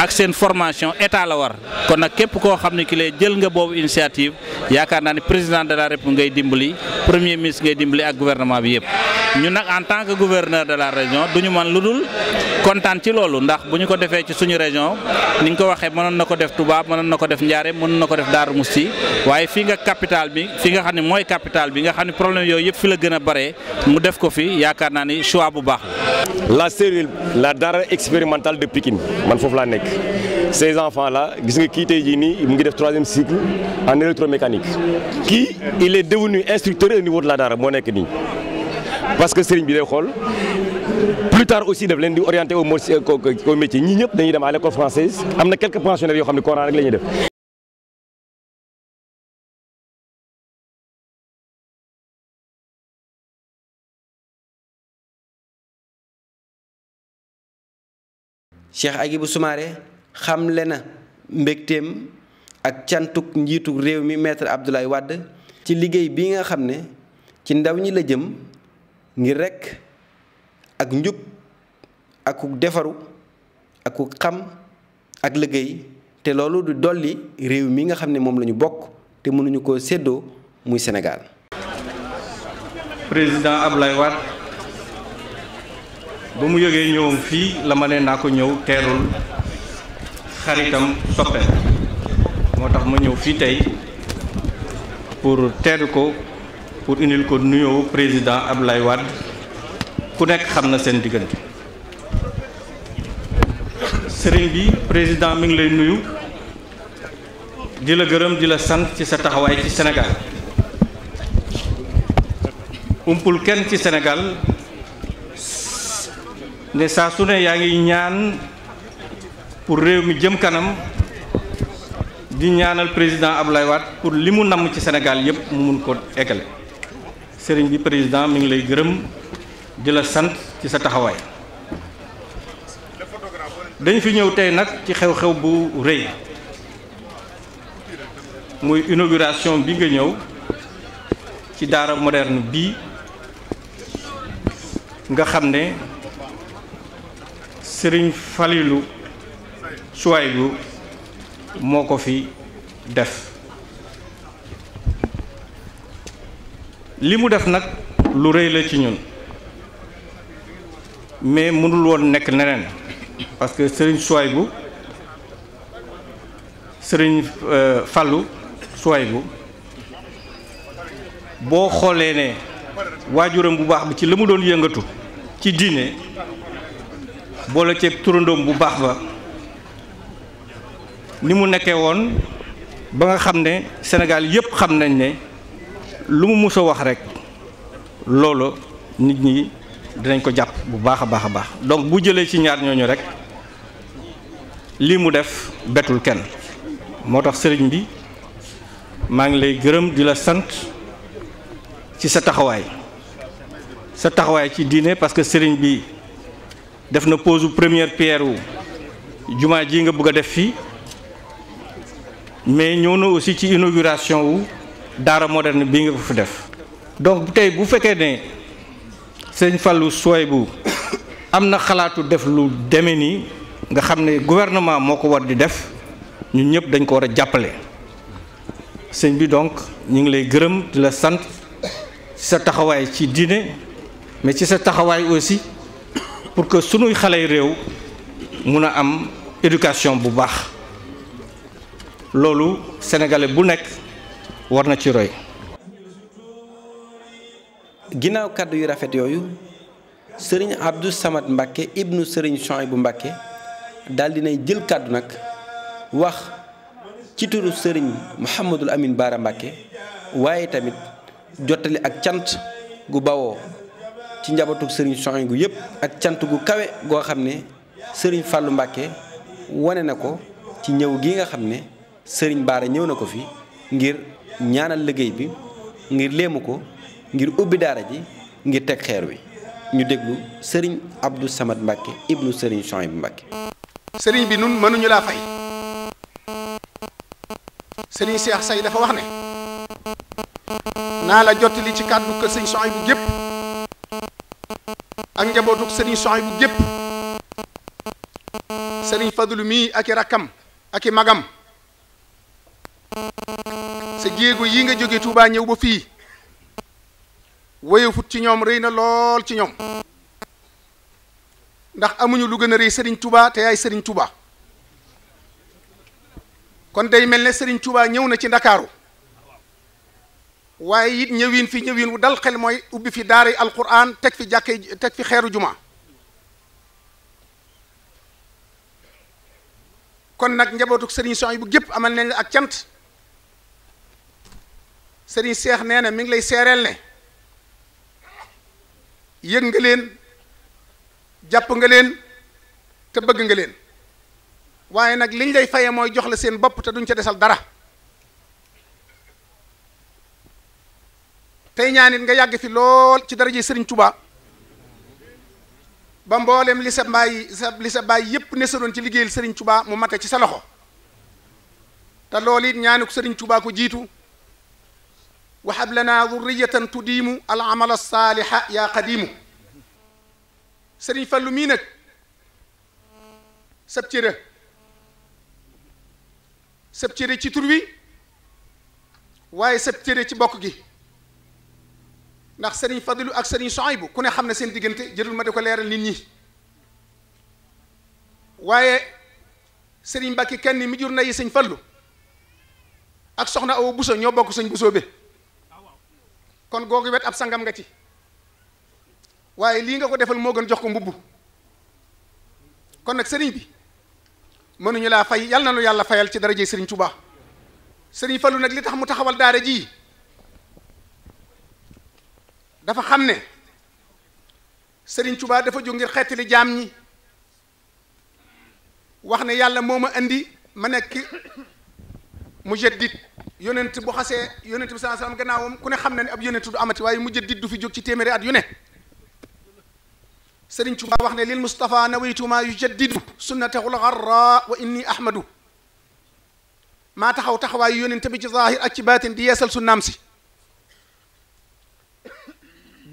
ak seen formation état la war kon nag képp koo xam ne ki lay jël nga boobu initiative yaakaar naa ne président de la république ngay dimbali premier ministre ngay dimbali ak gouvernement bi yëpp. ñun nag en tant que gouverneur de la région du ñu mën lu dul kontaan ci loolu ndax bu ñu ko defee ci suñu région ni nga ko waxee mënoon na ko def Touba mënoon na ko def Ndiarème mënoon na ko def Darou Mousty waaye fii nga capital bi fi nga xam ne mooy capital bi nga xam ne problème yooyu yëpp fi la gën a bare mu def ko fi yaakaar naa ni choix bu baax la. la la dara expérimentale de ces enfants la gis nga kii tey jii nii mu ngi def troisième cycle en électromécanique kii il est devenu instructeur au niveau de la daara moo nekk nii parce que sëriñ bi day xool plus tard aussi daf leen di orienté au métier ñi ñëpp dañuy dem à l'école française am na quelques pensionnaires yoo xam ne Coran rek la ñuy def Cheikh Agibou Soumaré xamle na mbégteem ak cantuk njiitu réew mi maître Abdoulaye Wade ci liggéey bi nga xam ne ci ndaw ñi la jëm ngir rekk ak njub ak defaru ak xam ak liggéey te loolu du dolli réew mi nga xam ne moom lañu bokk te mënuñu ko seddoo muy senegal ba mu yëgee ñëwam fii la ma ne naa ko ñëw teerul xaritam soppe moo tax ma ñëw fii tey pour teeru ko pour indil ko nuyoo président Abdoulaye Wade ku nekk xam na seen diggante sëriñ bi président mi ngi lay nuyu di la gërëm di la sant ci sa taxawaay ci senegal umpul kenn ci senegal ne saa su ne yaa ngi ñaan pour réew mi jëm kanam di ñaanal président lay Wade pour li mu namm ci senegal yépp mu mun ko eggale sëriñ bi président mi ngi lay gërëm di la sant ci sa taxawaay dañu fi ñëw tey nag ci xew-xew bu rëy muy inauguration bi nga ñëw ci daara moderne bii nga xam ne sëriñ Falilu Suwaybu moo ko fi def li mu def nag lu rëy la ci ñun mais mënul woon nekk neneen parce que sëriñ Suwaybu sëriñ euh, Fallu Suwaybu boo xoolee ne waajuram bu baax bi ci la mu doon yëngatu ci diine boole ceeb turandoom bu baax ba ni mu nekkee woon ba nga xam ne Sénégal yëpp xam nañ ne lu mu mus a wax rek loolu nit ñi dinañ ko jàpp bu baax a baax a baax donc bu jëlee ci ñaar ñooñu rek lii mu def betul kenn moo tax sëriñ bi maa ngi lay gërëm di la sant ci sa taxawaay sa taxawaay ci diine parce sëriñ bi. def na pose première pierre wu jumaa ji nga bëgg a def fii mais ñëw na aussi ci inauguration wu daara moderne bii nga ko fi def donc tey bu fekkee ne sëñ Fallou bu am na xalaatu def lu demee nii nga xam ne gouvernement moo ko war di def ñun ñëpp dañ ko war a jàppale sëñ bi donc ñu ngi lay gërëm di la sant ci sa taxawaay ci dine mais ci sa taxawaay aussi pour que sunuy xale réew mun a am éducation bu baax loolu sénégalais bu nekk war na ci roy. ginnaaw kàddu yu rafet yooyu sëriñ Abdou Samad Mbacke ibnu sëriñ bu Mbacke daal nay jël kàddu nag wax ci turu sëriñ Mouhamadul Amin Baara Mbacke waaye tamit jottali ak cant gu bawoo. ci njabootug sëriñ Souhaïbou yëpp ak cant gu kawe goo xam ne sëriñ Fallou Mbacke wane na ko ci ñëw gi nga xam ne sëriñ Baara ñëw na ko fii ngir ñaanal liggéey bi ngir léemu ko ngir ubbi daara ji ngir teg xeer wi ñu déglu sëriñ abdu Samad Mbacke ibnu sëriñ Souhaïbou Mbacke. sëriñ bi nun mënuñu laa fay sëriñ Cheikh Say dafa wax ne naa la jottali ci kàddu kër sëriñ Souhaïbou gépp ak njabootuk sëriñ soxay bu gépp sëriñ fadlu mii ak i rakkam ak i magam sa jéego yi nga jóge Touba ñëw ba fii woyefut ci ñoom rey na lool ci ñoom ndax amuñu lu gën a rëy sëriñ Touba te yaay sëriñ tubaa kon day mel ne sëriñ Touba ñëw na ci ndakaaru waaye it ñëwin fi ñëwin wu dal xel mooy ubbi fi daara yi alquran teg fi jàkkee teg fi xeeru juma kon nag njabootu sëriñ son bu gépp amal nañ la ak cant sëriñ seex nee na mi ngi lay seereel ne yëg nga leen jàpp nga leen te bëgg nga leen waaye nag liñ lay faye mooy jox la seen bopp te duñ ca desal dara tey ñaanit nga yàgg fi lool ci daraje sëriñ Touba ba mboolem li sa mbaay sa sa baay yépp ne sa ci liggéey sëriñ Touba mu mate ci sa loxo te loolu it ñaani sëriñ Touba ko jiitu waxab lana dhurriyatan tudiimu al amala saaliha yaa qadiimu sëriñ Fallu mii nag sab cëre sab cëre ci tur wi waaye sab cëre ci bokk gi ndax sëriñ Fadilu ak sëriñ Sohaybu ku ne xam na seen diggante jërul ma di ko leeral nit ñi waaye sëriñ Mbàkke kenn mi jur na yi sëñ Fallu ak soxna Awa Buso ñoo bokk sëñ Buso bi kon googu wet ab sangam nga waaye lii nga ko defal moo gën jox ko mbubb kon nag sëriñ bi mënuñu laa fay yal na nu yàlla fayal ci dara daraje sëriñ Tuubaa sëriñ Fallu nag li tax mu taxawal daara jii dafa xam ne Serigne Touba dafa jóg ngir xeetali jaam ñi wax ne yàlla moo ma indi ma nekk mujaddid yonent bu xasee yonent bi saa salaam gannaawam ku ne xam na ni ab yonent du amati waaye mujaddid du fi jóg ci téeméeri at yu ne Serigne Touba wax ne lil Mustafa nawaytu ma yujaddidu sunnatahu lgarra wa inni ahmadu maa taxaw taxawaayu yonent bi ci zaahir ak ci baatin di yeesal sunnaam si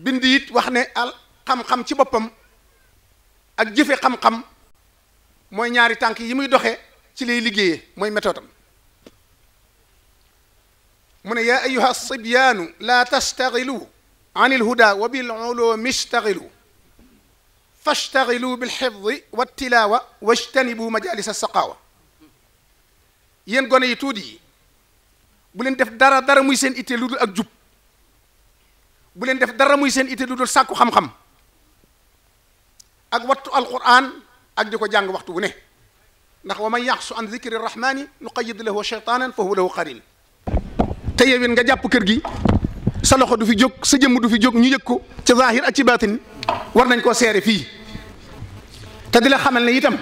bind it wax ne al xam-xam ci boppam ak jëfe xam-xam mooy ñaari tànk yi muy doxe ci lay liggéeyee mooy méthode am mu ne yaa ayuha sibyaanu laa tastaxilu an ilhuda wa bil ulumi istaxilu fastaxilu bilxifdi wattilaawa wajtanibu majalis assaqaawa yéen gone yi tuuti yi bu leen def dara dara muy seen ite lu ak jub bu leen def dara muy seen ité lu dul sàkku xam-xam ak wattu alquran ak di ko jàng waxtu bu ne ndax wa man yaxsu an dicri rahmani nuqayid lahu cheytaanan fa huwa lahu qarin te yewin nga jàpp kër gi sa loxo du fi jóg sa jëmm du fi jóg ñu yëg ko ci zahir ak ci batin war nañ koo seere fii te di la xamal ne itam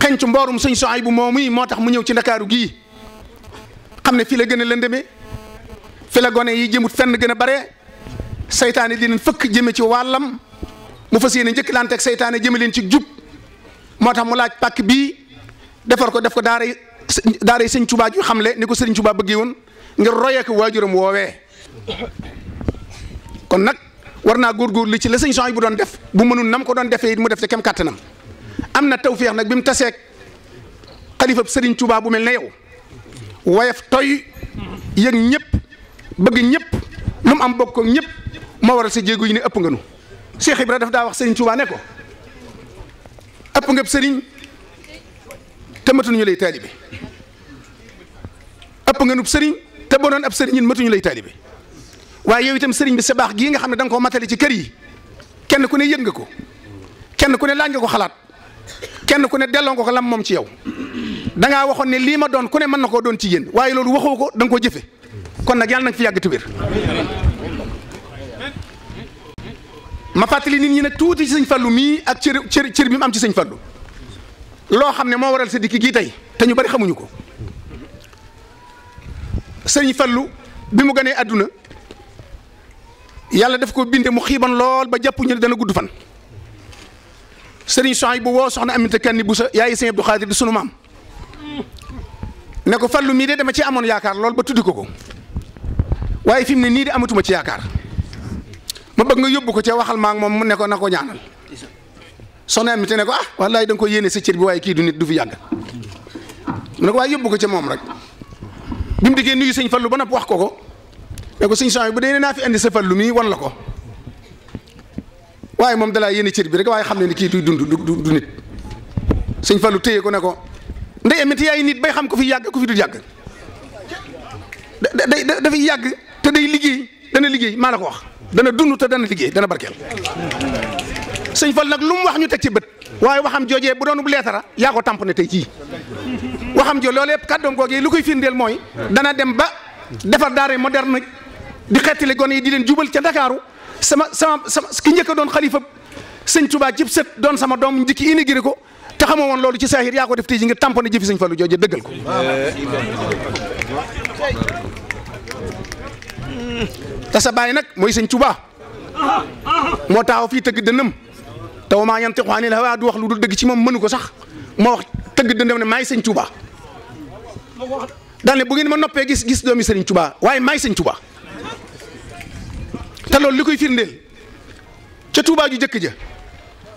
xenc mboorum sëñ Sohaybu moo muy moo tax mu ñëw ci ndakaaru gi xam ne fii la gën a lëndëmee fi yi jëmut fenn gën a bare seytaane di leen fëkk jëme ci wàllam mu fas yéene njëkkalante ak seytaane jëme leen ci jub moo tax mu laaj pàkk bii defar ko def ko daara daara sëñ Tuubaa ju xamle ni ko sëriñ Tuubaa bëggee woon ngir royee ko waajuram woowee kon nag war naa góorgóorlu ci la sëñ Sohaybu bu doon def bu mënul nam ko doon defee it mu def ci kem kàttanam am na tawféex nag bi mu taseeg xalifab sëriñ Tuubaa bu mel ne yow woyof toy yëg ñëpp bëgg ñëpp lu mu am bokk ak ñëpp moo waral sa jéego yi ne ëpp nga nu Cheikh Ibra def daa wax Serigne Touba ne ko ëpp nga Serigne te matuñu lay taalibe ëpp nga nub Serigne te boo doon ab Serigne ñun matuñu lay taalibe waaye yow itam sëriñ bi sa baax gii nga xam ne da koo matale ci kër yi kenn ku ne yëg nga ko kenn ku ne laaj nga ko xalaat kenn ku ne delloo nga ko lam moom ci yow da ngaa waxoon ni lii ma doon ku ne mën na koo doon ci yéen waaye loolu waxoo ko danga koo jëfe kon nag yàlla na nga fi yàgg tubér ma fàttali nit ñi nag tuuti ci sëñ fallu mii ak cër cër cër bi mu am ci sëñ fallu loo xam ne moo waral sa dikk gii tey te ñu bari xamuñu ko sëñ fallu bi mu gënee àdduna yàlla daf ko binde mu xiiban lool ba jàpp ñu ne dana gudd fan sëriñ soxna bu woo soxna Aminta Kanni bu sa yaay sëñ Abdou Xaadir di sunu maam ne ko fallu mii de dama ci amoon yaakaar lool ba tuddi ko ko waaye fi mu ne nii di amatuma ci yaakaar ma bëgg nga yóbbu ko ca waxal maa moom mu ne ko na ko ñaanal soxna mi te ne ko ah wallaay da nga ko yéene sa cër bi waaye kii du nit du fi yàgg mu ne ko waaye yóbbu ko ca moom rek bi mu diggee nuyu sëñ fallu ba nopp wax ko ko ne ko sëñ bu dee nee naa fi andi sa fallu la ko waaye moom dalaa yéene cër bi rek waaye xam ne ni kii du dund du fallu téye ko ne ko ndey amit yaay nit bay xam ko fi yàgg ko fi du yàgg da yàgg. te day liggéey dana liggéey maa la ko wax dana dund te dana liggéey dana barkeel sëñ Fall nag lu mu wax ñu teg ci bët waaye waxam joojee bu doon bu leetara yaa ko tamp ne tey jii waxam jo loolu yëpp kàddoom googee lu koy findeel mooy dana dem ba defar daara moderne di xettali gone yi di leen jubal ca ndakaaru sama sama sama ki njëkk a doon xalifa sëñ Tuubaa cib sët doon sama doom njëkki inauguré ko te xamoo woon loolu ci saahir yaa ko def tey jii ngir tamp ne jëfi sëñ Fallu jooje ko eh, te sa baay nag mooy sëñ Tuubaa moo taxaw fii tëgg dëndam te wa maa yantiqu anil hawaa du wax lu dul dëgg ci moom mënu ko sax moo wax tëgg dëndam ne maay sëñ Tuubaa daal ne bu ngeen ma noppee gis gis doomi sëriñ Tuubaa waaye maay sëñ Tuubaa te loolu li koy firndeel ca Tuubaa ju jëkk ja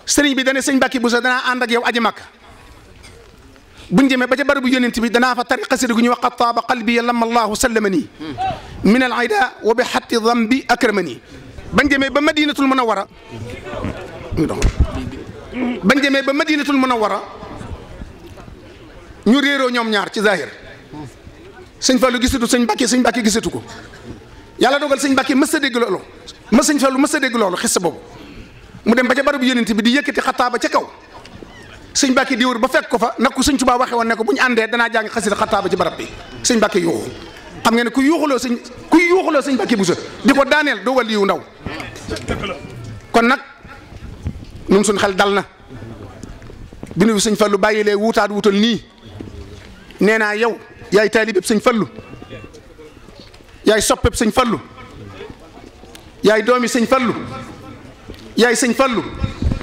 sëriñ bi dane sëñ Mbàkke bu sa danaa ànd ak yow aji Makka buñ jëmee ba ca barabu yonent bi danaa fa tari xasida gu ñuy wax qad taaba qalbi lamma allahu sallama nii min al ayda wa bi xatti dambi akrama nii bañ jëmee ba madinatul munawara bañ jëmee ba madinatul munawara ñu réeroo ñoom ñaar ci zahir sëñ Fallou gisatu sëñ Mbàkke sëñ Mbàkke gisatu ko yàlla dogal sëñ Mbàkke mës a dégg loolu mës sëñ mës a dégg loolu xis boobu mu dem ba ca barabu yonent bi di yëkkati xataa ba ca kaw sëñ bakki di ba fekk ko fa nag ko sëñ Tuubaa waxee woon ne ko bu ñu àndee danaa jàng xasida xataaba ci barab bi sëñ Mbàkke yuuxu xam ngeen ne ku yuuxuloo sëñ ku yuuxuloo sëñ Mbàkke Buso di ko daaneel doo waliyu ndaw kon nag nun suñ xel dal na bi nu sëñ Fallu bàyyi lee wuutaat wutal nii nee naa yow yaay taalibeb sëñ Fallu yaay soppeb sëñ Fallu yaay doomi sëñ Fallu yaay sëñ Fallu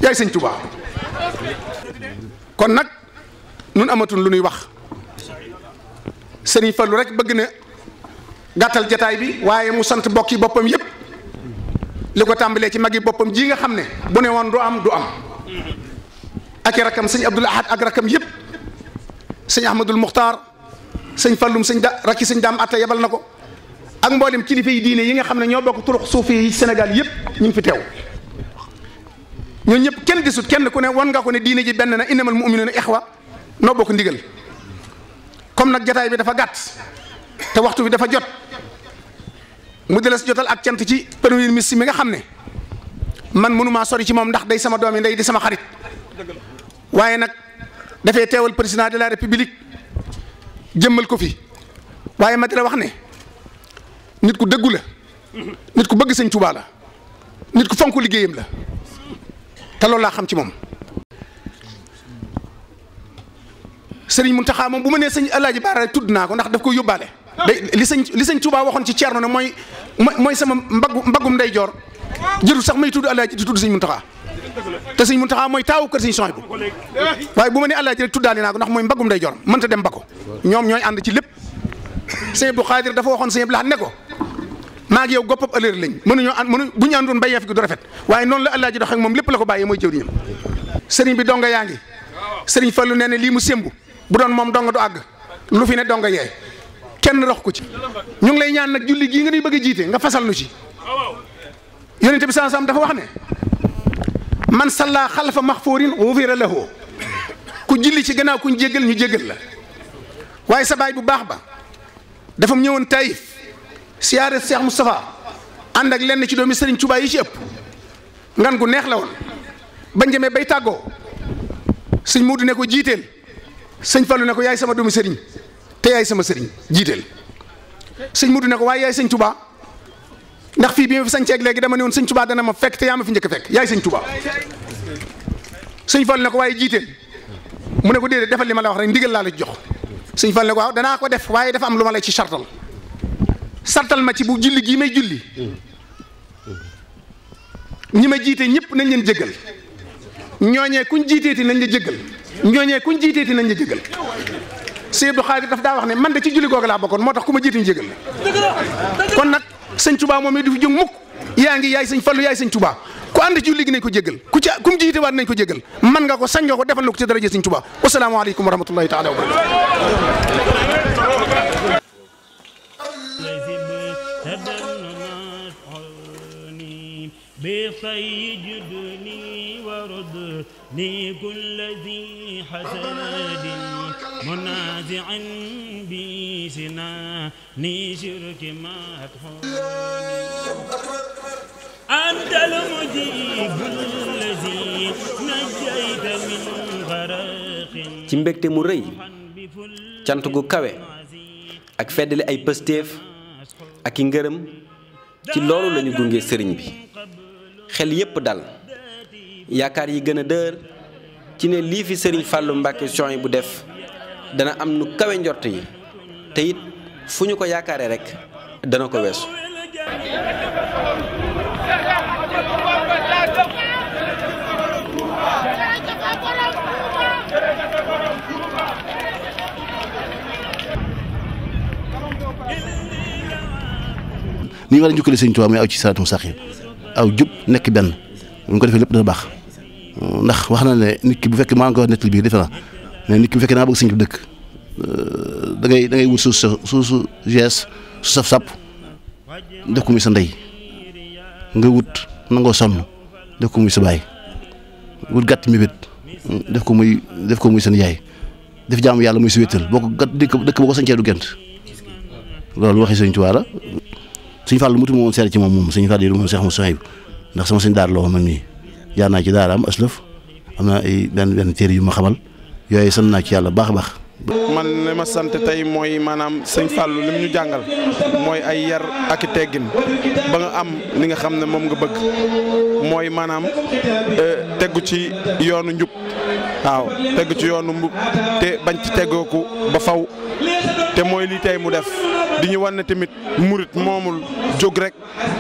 yaay sëñ Tuubaa kon nag nun amatul lu nuy wax sëriñ Fallu rek bëgg na gàttal jataay bi waaye mu sant yi boppam yépp li ko tàmbalee ci magi boppam ji nga xam ne bu ne woon du am du am ak rakam sëñ Abdul Ahad ak rakam yépp sëñ Ahmadul Muxtaar sëñ Fallum sëñ da rakki sëñ daam atta yebal na ko ak mboolem kilifa yi diine yi nga xam ne ñoo bokk turux suufi yi Sénégal yépp ñu fi teew ñooñu ñëpp kenn desut kenn ku ne wan nga ko ne diine ji benn na innamal mu'minuuna ixwa noo bokk ndigal comme nag jataay bi dafa gàtt te waxtu bi dafa jot mu deles jotal ak cant ci premier ministre mi nga xam ne man mënumaa sori ci moom ndax day sama doom yi ndey di sama xarit waaye nag dafay teewal président de la république jëmmal ko fi waaye ma dina wax ne nit ku dëggu la nit ku bëgg sëñ tubaa la nit ku fonk liggéeyam la te loolu laa xam ci moom sëriñ Muntaxa moom bu ma nee sëñ Alaaji Baara tudd naa ko ndax daf ko yóbbaale li sëñ li sëñ Tuubaa waxoon ci Ceerno ne mooy mooy sama mbaggu mbaggum nday joor jërul sax may tudd Alaaji di tudd sëñ Muntaxa te sëñ Muntaxa mooy taawu kër sëñ Sohibu waaye bu ma nee Alaaji rek tuddaale naa ko ndax mooy mbaggum nday joor mënta dem ba ko ñoom ñooy ànd ci lépp sëñ Abdu Xaadir dafa waxoon sëñ laa Lahat ne ko maa ngi yow goppab ëllëg lañ mënuñoo an mënu bu ñu àndoon ba yeef gi du rafet waaye noonu la Allaaji dox ak moom lépp la ko bàyyee mooy jëwriñam sëriñ bi donga yaa ngi sëriñ Fallu nee ne lii mu sémbu bu doon moom donga du àgg lu fi ne donga yee kenn rox ko ci ñu ngi lay ñaan nag julli gii nga ñuy bëgg a jiite nga fasal nu ci yonente bi sansam dafa wax ne man xal salla xalfa maxfóorin wufira lahu ku julli ci gannaaw kuñ jéggal ñu jéggal la waaye sa baay bu baax ba dafa ñëwoon Taïf siyaare Cheikh Moustapha ànd ak lenn ci doomi Serigne Touba yi ci ëpp ngan gu neex la woon bañ demee bay tàggoo sëñ Muudu ne ko jiiteel sëñ Fallu ne ko yaay sama doomi Serigne te yaay sama Serigne jiiteel sëñ Muudu ne ko waaye yaay sëñ tubaa ndax fii bi ma fi sañ ceeg léegi dama ne woon sëñ Touba dana ma fekk te yaa ma fi njëkk fekk yaay sëñ Touba sëñ Fallu ne ko waaye jiiteel mu ne ko déedéet defal li ma la wax rek ndigal laa la jox sëñ Fallu ne ko danaa ko def waaye dafa am lu ma lay ci sartal. sartal ma ci bu julli gii may julli ñi ma jiite ñëpp nañ leen jëggal ñooñee kuñ jiiteeti nañ la jëggal ñooñee kuñ jiiteeti nañ la jëggal sëñ Abdou Khadir daf daa wax ne man de ci julli googu laa bokkoon moo tax ku ma jiite ñu jëggal kon nag sëñ Touba moom it du fi jóg mukk yaa ngi yaay sëñ Fallu yaay sañ tubaa ku ànd ci julli gi nañ ko jëggal ku ci ku mu jiite waat nañ ko jëggal man nga ko sañ nga ko defal ko ci daraje sëñ Touba wasalaamaaleykum wa rahmatullahi taala wa barakatu بخير جدني وردني كل ذي حسد منازعا بسنا نشرك ما أنت المجيب الذي نجيت من غرق ci mbégte mu rëy cant gu kawe ak feddali ay pëstéef ak i ngërëm ci loolu lañu gunge sëriñ bi xel yépp dal yaakaar yi gën a dër ci ne lii fi sëriñ Fallou Mbacke yi bu def dana am nu kawe njort yi te it fu ñu ko yaakaaree rek dana ko weesu. ni nga war a njukkale sëñ Tuubaa aw ci salaatum saxiim aw jub nekk benn mu ñu ko defee lépp dana baax ndax wax na ne nit ki bu fekkee maa ngi koy wax nettali bii defe naa ne nit ki bu fekkee naa bëgg sëñ bi dëkk euh, da wut su sa gees su saf sàpp def ko muy sa ndey nga wut nangoo sonn def ko muy sa baay wut gàtt mébét def ko muy def ko muy seen yaay def jaamu yàlla muy si wéttal boo ko gàtt dëkk boo ko sañcee du gent loolu waxi sëñ Tuubaa suñu fàllu mutu moom seer ci moom moom suñu fàllu yi moom Cheikh Moussa ndax sama suñu daara la woon man mii jaar naa ci daara am aslëf am na ay benn benn téere yu ma xamal yooyu sant naa ci yàlla baax a baax. man li ma sant tey mooy maanaam sëñ Fallou lim ñu jàngal mooy ay yar ak i teggin ba nga am li nga xam ne moom nga bëgg mooy maanaam euh, teggu ci yoonu njub waaw teggu ci yoonu mbub te bañ ci teggooku ba faw te mooy li tey mu def. di ñu wan na tamit murit moomul jóg rek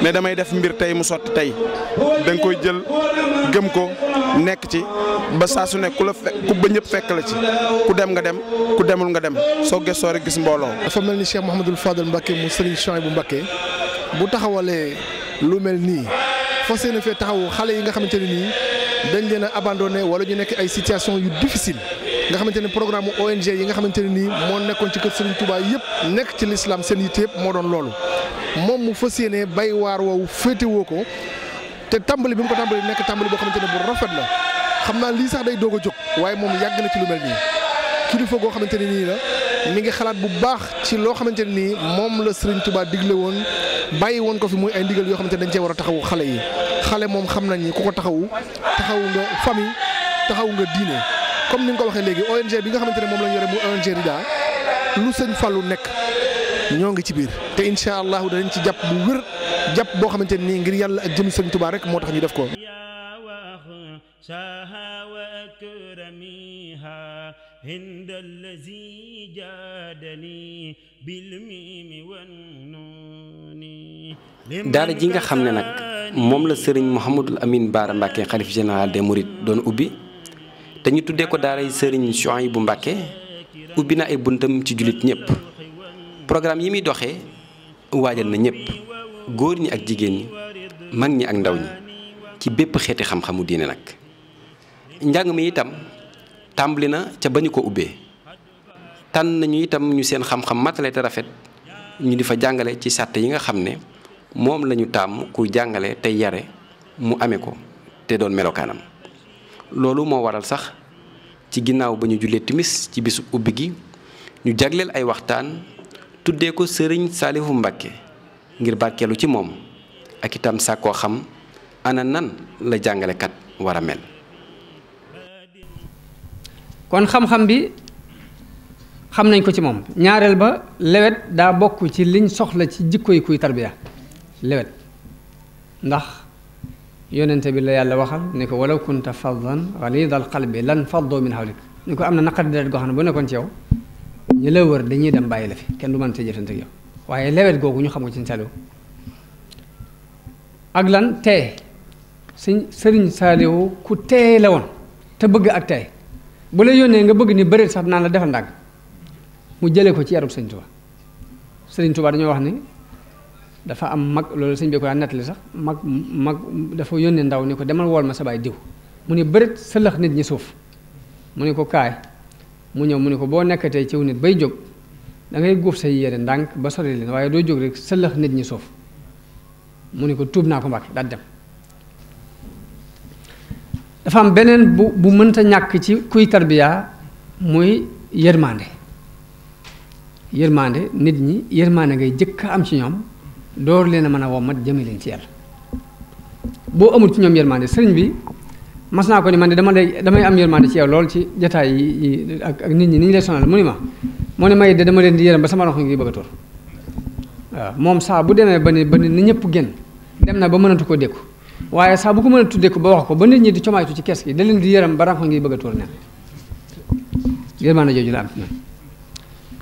ne damay def mbir tey mu sotti tey da koy jël gëm ko nekk ci ba saa su nekk ku ku ba ñëpp fekk la ci ku dem nga dem ku demul nga dem soo gëstoo rek gis mbooloo. dafa mel ni Cheikh Mouhamadul Fadel Mbacke mu Serigne Chouaïbou Mbacke bu taxawalee lu mel nii fas yéene fee taxawu xale yi nga xamante ne nii dañ leen a abandonné wala ñu nekk ay situation yu difficile. nga xamante ne programme ONG yi nga xamante ne nii moo nekkoon ci kër Serigne tubaa yëpp nekk ci lislaam seen yitte yëpp moo doon loolu moom mu fas yéene bay waar woowu féetewoo ko te tàmbali bi mu ko tàmbali nekk tàmbali boo xamante ni bu rafet la xam naa lii sax day doog a jóg waaye moom yàgg na ci lu mel nii kilifa goo xamante ne nii la mi ngi xalaat bu baax ci loo xamante ne nii moom la Serigne tubaa digle woon bàyyi woon ko fi muy ay ndigal yoo xamante ne dañ cee war a taxawu xale yi xale moom xam nañ ni ku ko taxawu taxawu nga famille nga diine. comme ni nga ko waxee léegi ONG bi nga xamante ne moom la ñu yore mu ONG Rida nekk ñoo ngi ci biir te incha allahu danañ ci jàpp jàpp boo xamante ne nii ngir yàlla ak jëm sëñ Touba rek tax ñu def ko. daara ji nga xam ne nag moom la sëriñ Mouhamadul Amine Baara Mbacke xalif général des Mourides doon ubbi. te ñu tuddee ko daaray sëriñ Souhaïbou Mbacké ubbi na ay buntam ci jullit ñëpp programme yi muy doxe waajal na ñëpp góor ñi ak jigéen ñi mag ñi ak ndaw ñi ci bépp xeeti xam-xamu diine nag njàng mi itam tàmbali na ca ba ñu ko ubbee tànn nañu itam ñu seen xam-xam matale te rafet ñu di fa jàngale ci sàtt yi nga xam ne moom lañu tàmm ku jàngale tey yare mu ame ko te doon melokaanam loolu moo waral sax ci ginnaaw ba ñu jullee timis ci bisu ubbi gi ñu jagleel ay waxtaan tuddee ko sëriñ Saalifu Mbàkke ngir barkeelu ci moom ak itam sàkkoo xam ana nan la jàngalekat war mel kon xam-xam bi xam nañ ko ci moom ñaareel ba lewet daa bokk ci liñ soxla ci jikko yi kuy tarbiya lewet ndax yonente bi la yàlla waxal ni ko walaw kunta faddan xalidal qalbi lan faddoo min hawlik ñu ko am na naqari deret goo xam ne bu nekkoon ci yow ñu la wër dañuy dem bàyyi la fi kenn du mën te jëfante ak yow waaye lewet googu ñu xam ko ci Saliou ak lan tey sëñ sëriñ Saliou ku tey la woon te bëgg ak tey bu la yónnee nga bëgg ni bëreet sax naan la defal ndànk mu jële ko ci yarub sëriñ Tuubaa sëriñ Tuubaa dañoo wax ni dafa am mag loolu sëñ bi ko daan nettali sax mag mag dafa yónnee ndaw ni ko demal wool ma sa baay diw mu ne bërit sëlëx nit ñi suuf mu ne ko kaay mu ñëw mu ne ko boo nekkatee ciw nit bay jóg dangay ngay góof say yére ndànk ba sori leen waaye doo jóg rek sëlëx nit ñi suuf mu ne ko tuub naa ko mbàkke daal dem dafa am beneen bu bu mënta ñàkk ci kuy tarbiyaa muy yërmande yërmande nit ñi yërmande ngay jëkk am ci ñoom door leen a mën a wommat jëme leen ci yàlla boo amul ci ñoom yërmande sëriñ bi mas naa ko ni man de dama day damay am yërmande ci yow lool ci jataay yi ak ak nit ñi ni ñu lay mu ni ma mu ne may de dama leen di yërëm ba sama loxo ngi bëgg a tóor waaw moom saa bu demee ba ni ba ni ñëpp génn dem na ba mënatu ko dékku waaye saa bu ko mënatu dékku ba wax ko ba nit ñi di comaaytu ci kes gi da leen di yërëm ba ranko ngi bëgg a tóor nen yërmande jooju la am ci ñoom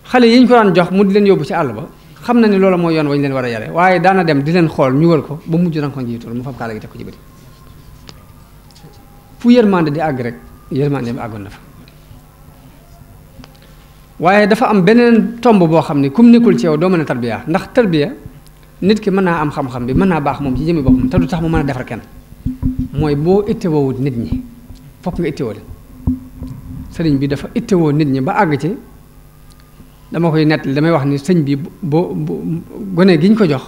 xale yi ñu ko daan jox mu di leen yóbbu ci àll ba xam na ne loolu mooy yoon wañu leen war a yare waaye daana dem di leen xool ñu wër ko ba mujj na ko njiitul mu fab kaala gi teg ko ci bëri fu yërmande di àgg rek yërmande bi àggoon na fa waaye dafa am beneen tomb boo xam ne kum nekkul ci yow doo mën a tarbiya ndax tarbiya nit ki mën naa am xam-xam bi mën naa baax moom ci jëmmi boppam te du tax mu mën a defar kenn mooy boo ittewoowut nit ñi fopp nga ittewoo leen sëriñ bi dafa ittewoo nit ñi ba àgg dama koy nettali damay wax ni sëñ bi boo gone gi ñu ko jox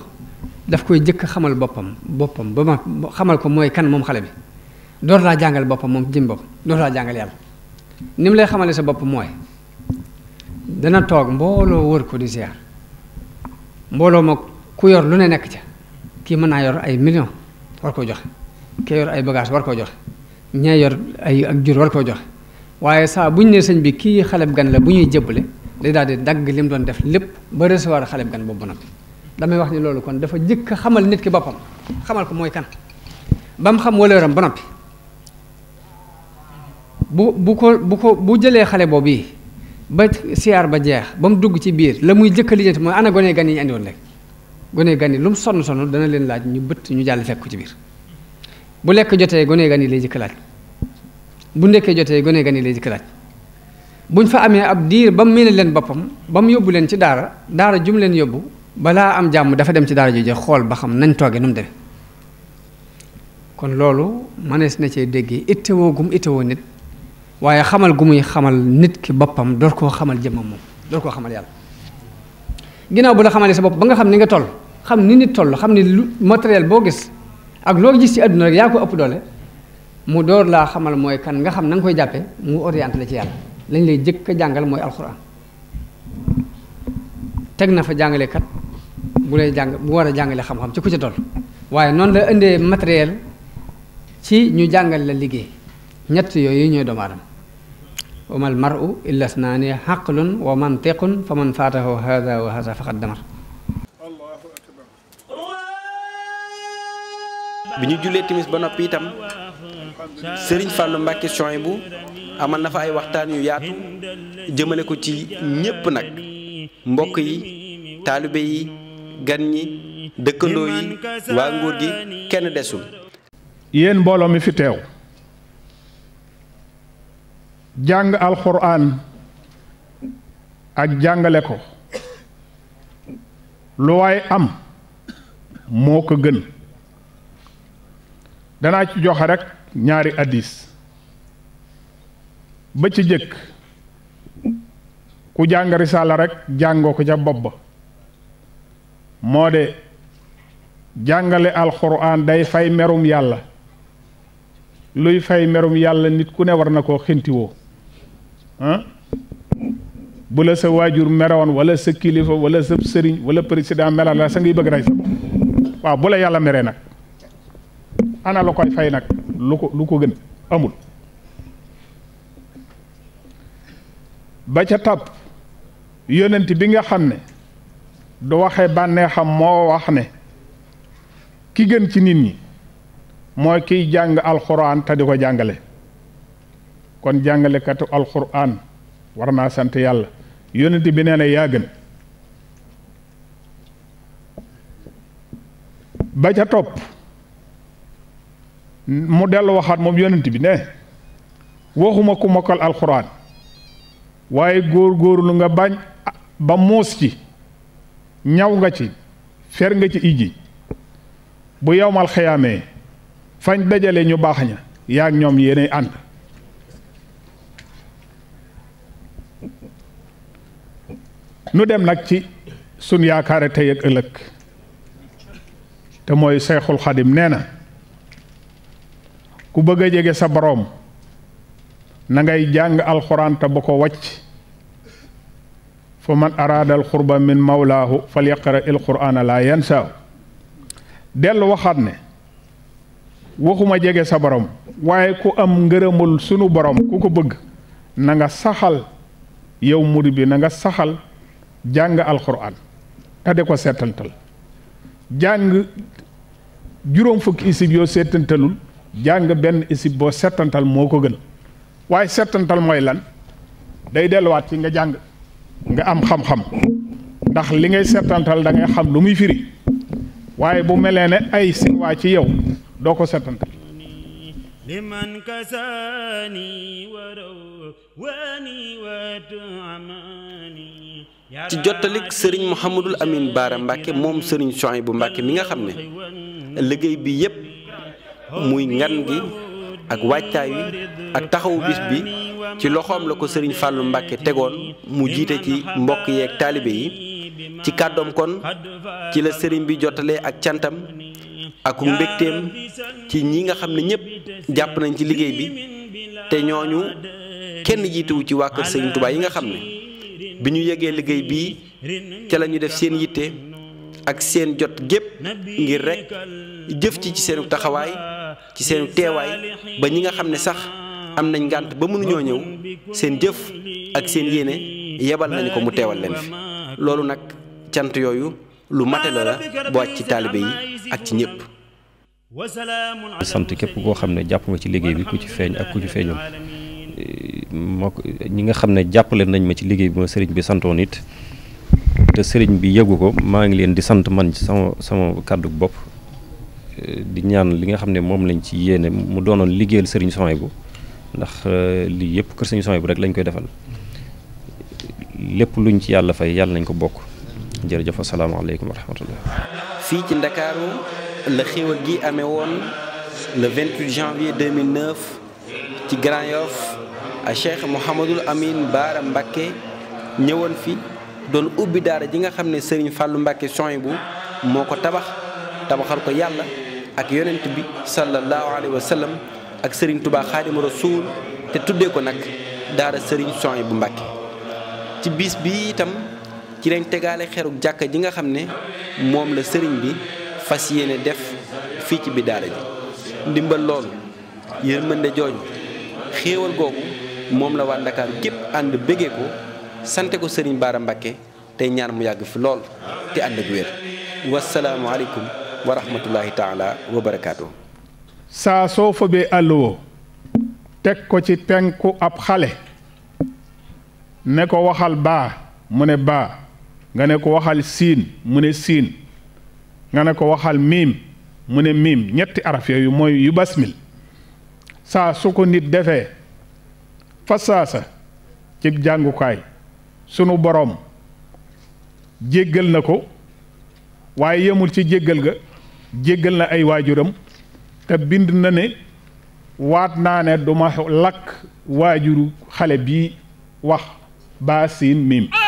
daf koy jëkk xamal boppam boppam ba ma xamal ko mooy kan moom xale bi door laa jàngal boppam moom jëm boppam door laa jàngal yàlla ni mu lay xamale sa bopp mooy dana toog mbooloo wër ko di ziar mbooloo ma ku yor lu ne nekk ca kii mën naa yor ay million war koo jox kii yor ay bagage war koo joxe ñee yor ay ak jur war koo jox waaye saa bu ñu ne sëñ bi kii xale bu gan la bu ñuy jëbbale day daal di dagg li mu doon def lépp ba recevoir xale bi gan boobu nag damay wax ni loolu kon dafa jëkk xamal nit ki boppam xamal ko mooy kan ba mu xam wëlëram ba noppi bu bu ko bu ko bu jëlee xale boobu yi ba siyaar ba jeex ba mu dugg ci biir la muy jëkk a lijjanti mooy ana gone gan yi ñu andi woon gone gan yi lu mu sonn sonn dana leen laaj ñu bëtt ñu jàll fekk ko ci biir bu lekk jotee gone gan yi lay jëkk laaj bu ndekkee jotee gone gan yi lay jëkk buñ fa amee ab diir ba mu miine leen boppam ba mu yóbbu leen ci daara daara jum leen yóbbu balaa am jàmm dafa dem ci daara jooju xool ba xam nañ toogee nu mu demee kon loolu mënees na cee déggee ittewoo gum ittewoo nit waaye xamal gu muy xamal nit ki boppam door koo xamal jëmmam moom door koo xamal yàlla ginnaaw bu la xamalee sa bopp ba nga xam ni nga toll xam ni nit toll xam ni lu matériel boo gis ak loo gis ci àdduna rek yaa ko ëpp doole mu door laa xamal mooy kan nga xam na koy jàppee mu orienté la ci yàlla lañ lay jëkk a jàngal mooy alxuraan teg na fa jàngalekat bu lay jàng bu war a jàngale xam-xam ci ku ci toll waaye noonu la indee matériel ci ñu jàngal la liggéey ñett yooyu ñooy doomu aadama wa mal mar'u illa snaani xaqlun wa mantiqun fa man faatahu hada wa hada faqad damar bi ñu jullee timis ba noppi itam Serigne Fallou Mbacké Souhaïbou bu amal na fa ay waxtaan yu yaatu jëmale ko ci ñépp nag mbokk yi taalibe yi gan ñi dëkkandoo yi waa nguur gi kenn desul yéen mbooloo mi fi teew jàng alxuraan ak jàngale ko lu waay am moo ko gën danaa ci joxe rekk ñaari àddis ba ci jëkk ku jàng risaala rek jàngoo ko ca bopp ba moo de jàngale alxuraan day fay merum yàlla luy fay merum yàlla nit ku ne war na koo xintiwoo bu la sa waajur meroon wala sa kilifa wala sa sëriñ wala président melal la sa ngay bëgg rey sa bopp waaw bu la yàlla meree nag ana lu koy fay nag lu ko lu ko gën amul ba ca topp yonent bi nga xam ne du waxe bànneexam moo wax ne ki gën ci nit ñi mooy kiy jàng alxuraan te ko jàngale kon jàngalekatu alxuraan war naa sant yàlla yonent bi nee na yaa gën ba ca topp mu dellu waxaat moom yonent bi ne waxuma ku mokkal alxuraan waaye góor-góorlu nga bañ ba muus ci ñaw nga ci fer nga ci ijji bu yowmal xayaamee fañ dajale ñu baax ña yaag ñoom yéenay ànd nu dem nag ci sun yaakaare tey ëllëg te mooy Seyxul Xadim nee na ku bëgg a jege sa boroom na ngay jàng alxuraan te ba ko wàcc fa man araada al xurba min mawlaahu fal yaqra il quraana laa yansaaw dellu waxaat ne waxuma jege sa borom waaye ku am ngërëmul sunu borom ku ko bëgg na nga saxal yow murid bi na nga saxal jàng alxuraan te de ko seetantal jàng juróom fukki isib yoo seetantalul jàng benn isib boo seetantal moo ko gën waaye seetantal mooy lan day delluwaat ci nga jàng nga am xam-xam ndax li ngay setantal da xam lu muy firi waaye bu melee ne ay sinwaa ci yow doo ko setantal liman kasani waraw wani watamani ci jottalik sëriñ Mouhamadul Amine Baara Mbacke moom sëriñ Souhaïbou bu Mbacke mi nga xam ne liggéey bi yépp muy ngan gi ak waajtaay wi ak taxawu bis bi ci loxoom la ko sëriñ fàllu mbàkke tegoon mu jiite ci mbokk yeeg taalibe yi ci kàddoom kon ci la sëriñ bi jotalee ak cantam ak mbégteem ci ñi nga xam ne ñëpp jàpp nañ ci liggéey bi te ñooñu kenn jiituwu ci waa kër sëriñ Touba yi nga xam ne bi ñu yëgee liggéey bii ca la def seen yitte ak seen jot gépp ngir rek jëf ci ci seen taxawaay. ci seen teewaay ba ñi nga xam ne sax am nañ ngànt ba mënuñoo ñëw seen jëf ak seen yéene yebal nañu ko mu teewal leen fi loolu nag cant yooyu lu matele la bu wàcc ci taalibe yi ak ci ñëpp. sant képp koo xam ne jàpp nga ci liggéey bi ku ci feeñ ak ku ci feeñul moo ñi nga xam ne jàppale nañ ma ci liggéey bi ma sëriñ bi santoon it te sëriñ bi yëgu ko maa ngi leen di sant man ci sama sama kàddu bopp di ñaan li nga xam ne moom lañ ci yéene mu doonoon liggéeyal sëriñ Souhaïbou ndax euh, lii yëpp kër sëriñ Souhaïbou rek lañ koy defal lépp luñ ci yàlla fay yàlla nañ ko bokk jërëjëf asalaamaaleykum wa rahmatullah fii ci ndakaaru la xéwal gi amee woon le 28 janvier 2009 ci Grand Yoff a Cheikh Mouhamadul Amin Baara Mbacké ñëwoon fi doon ubbi daara ji nga xam ne Serigne Fallou Mbacké Souhaïbou moo ko tabax tabaxal ko yàlla ak yonent bi sallallahu alayhi wa sallam ak Serigne Touba Xaadimu Rasuul te tuddee ko nag daara sëriñ Soy bu Mbàkke ci bis bi itam ci lañ tegaale xeruk jàkka ji nga xam ne moom la sëriñ bi fas yéene def fii ci bi daara ji ndimbal loolu yërmande jooju xéewal googu moom la waa Ndakaaru gépp ànd bëggee ko sante ko sëriñ Baara Mbàkke tey ñaar mu yàgg fi lool te ànd ak wér wasalaamualeykum wa rahmatullahi taala wa barakaatu. saa soo fobee àlluwo teg ko ci penku ab xale ne ko waxal baa mu ne baa nga ne ko waxal siin mu ne siin nga ne ko waxal miim mu ne miim ñetti araf yooyu mooy yu basmil saa su ko nit defee fa saasa cib jàngukaay sunu boroom jéggal na ko waaye yemul ci jéggal ga jéggal na ay waajuram te bind na ne waat naa ne ma lakk waajuru xale bii wax baa siin miim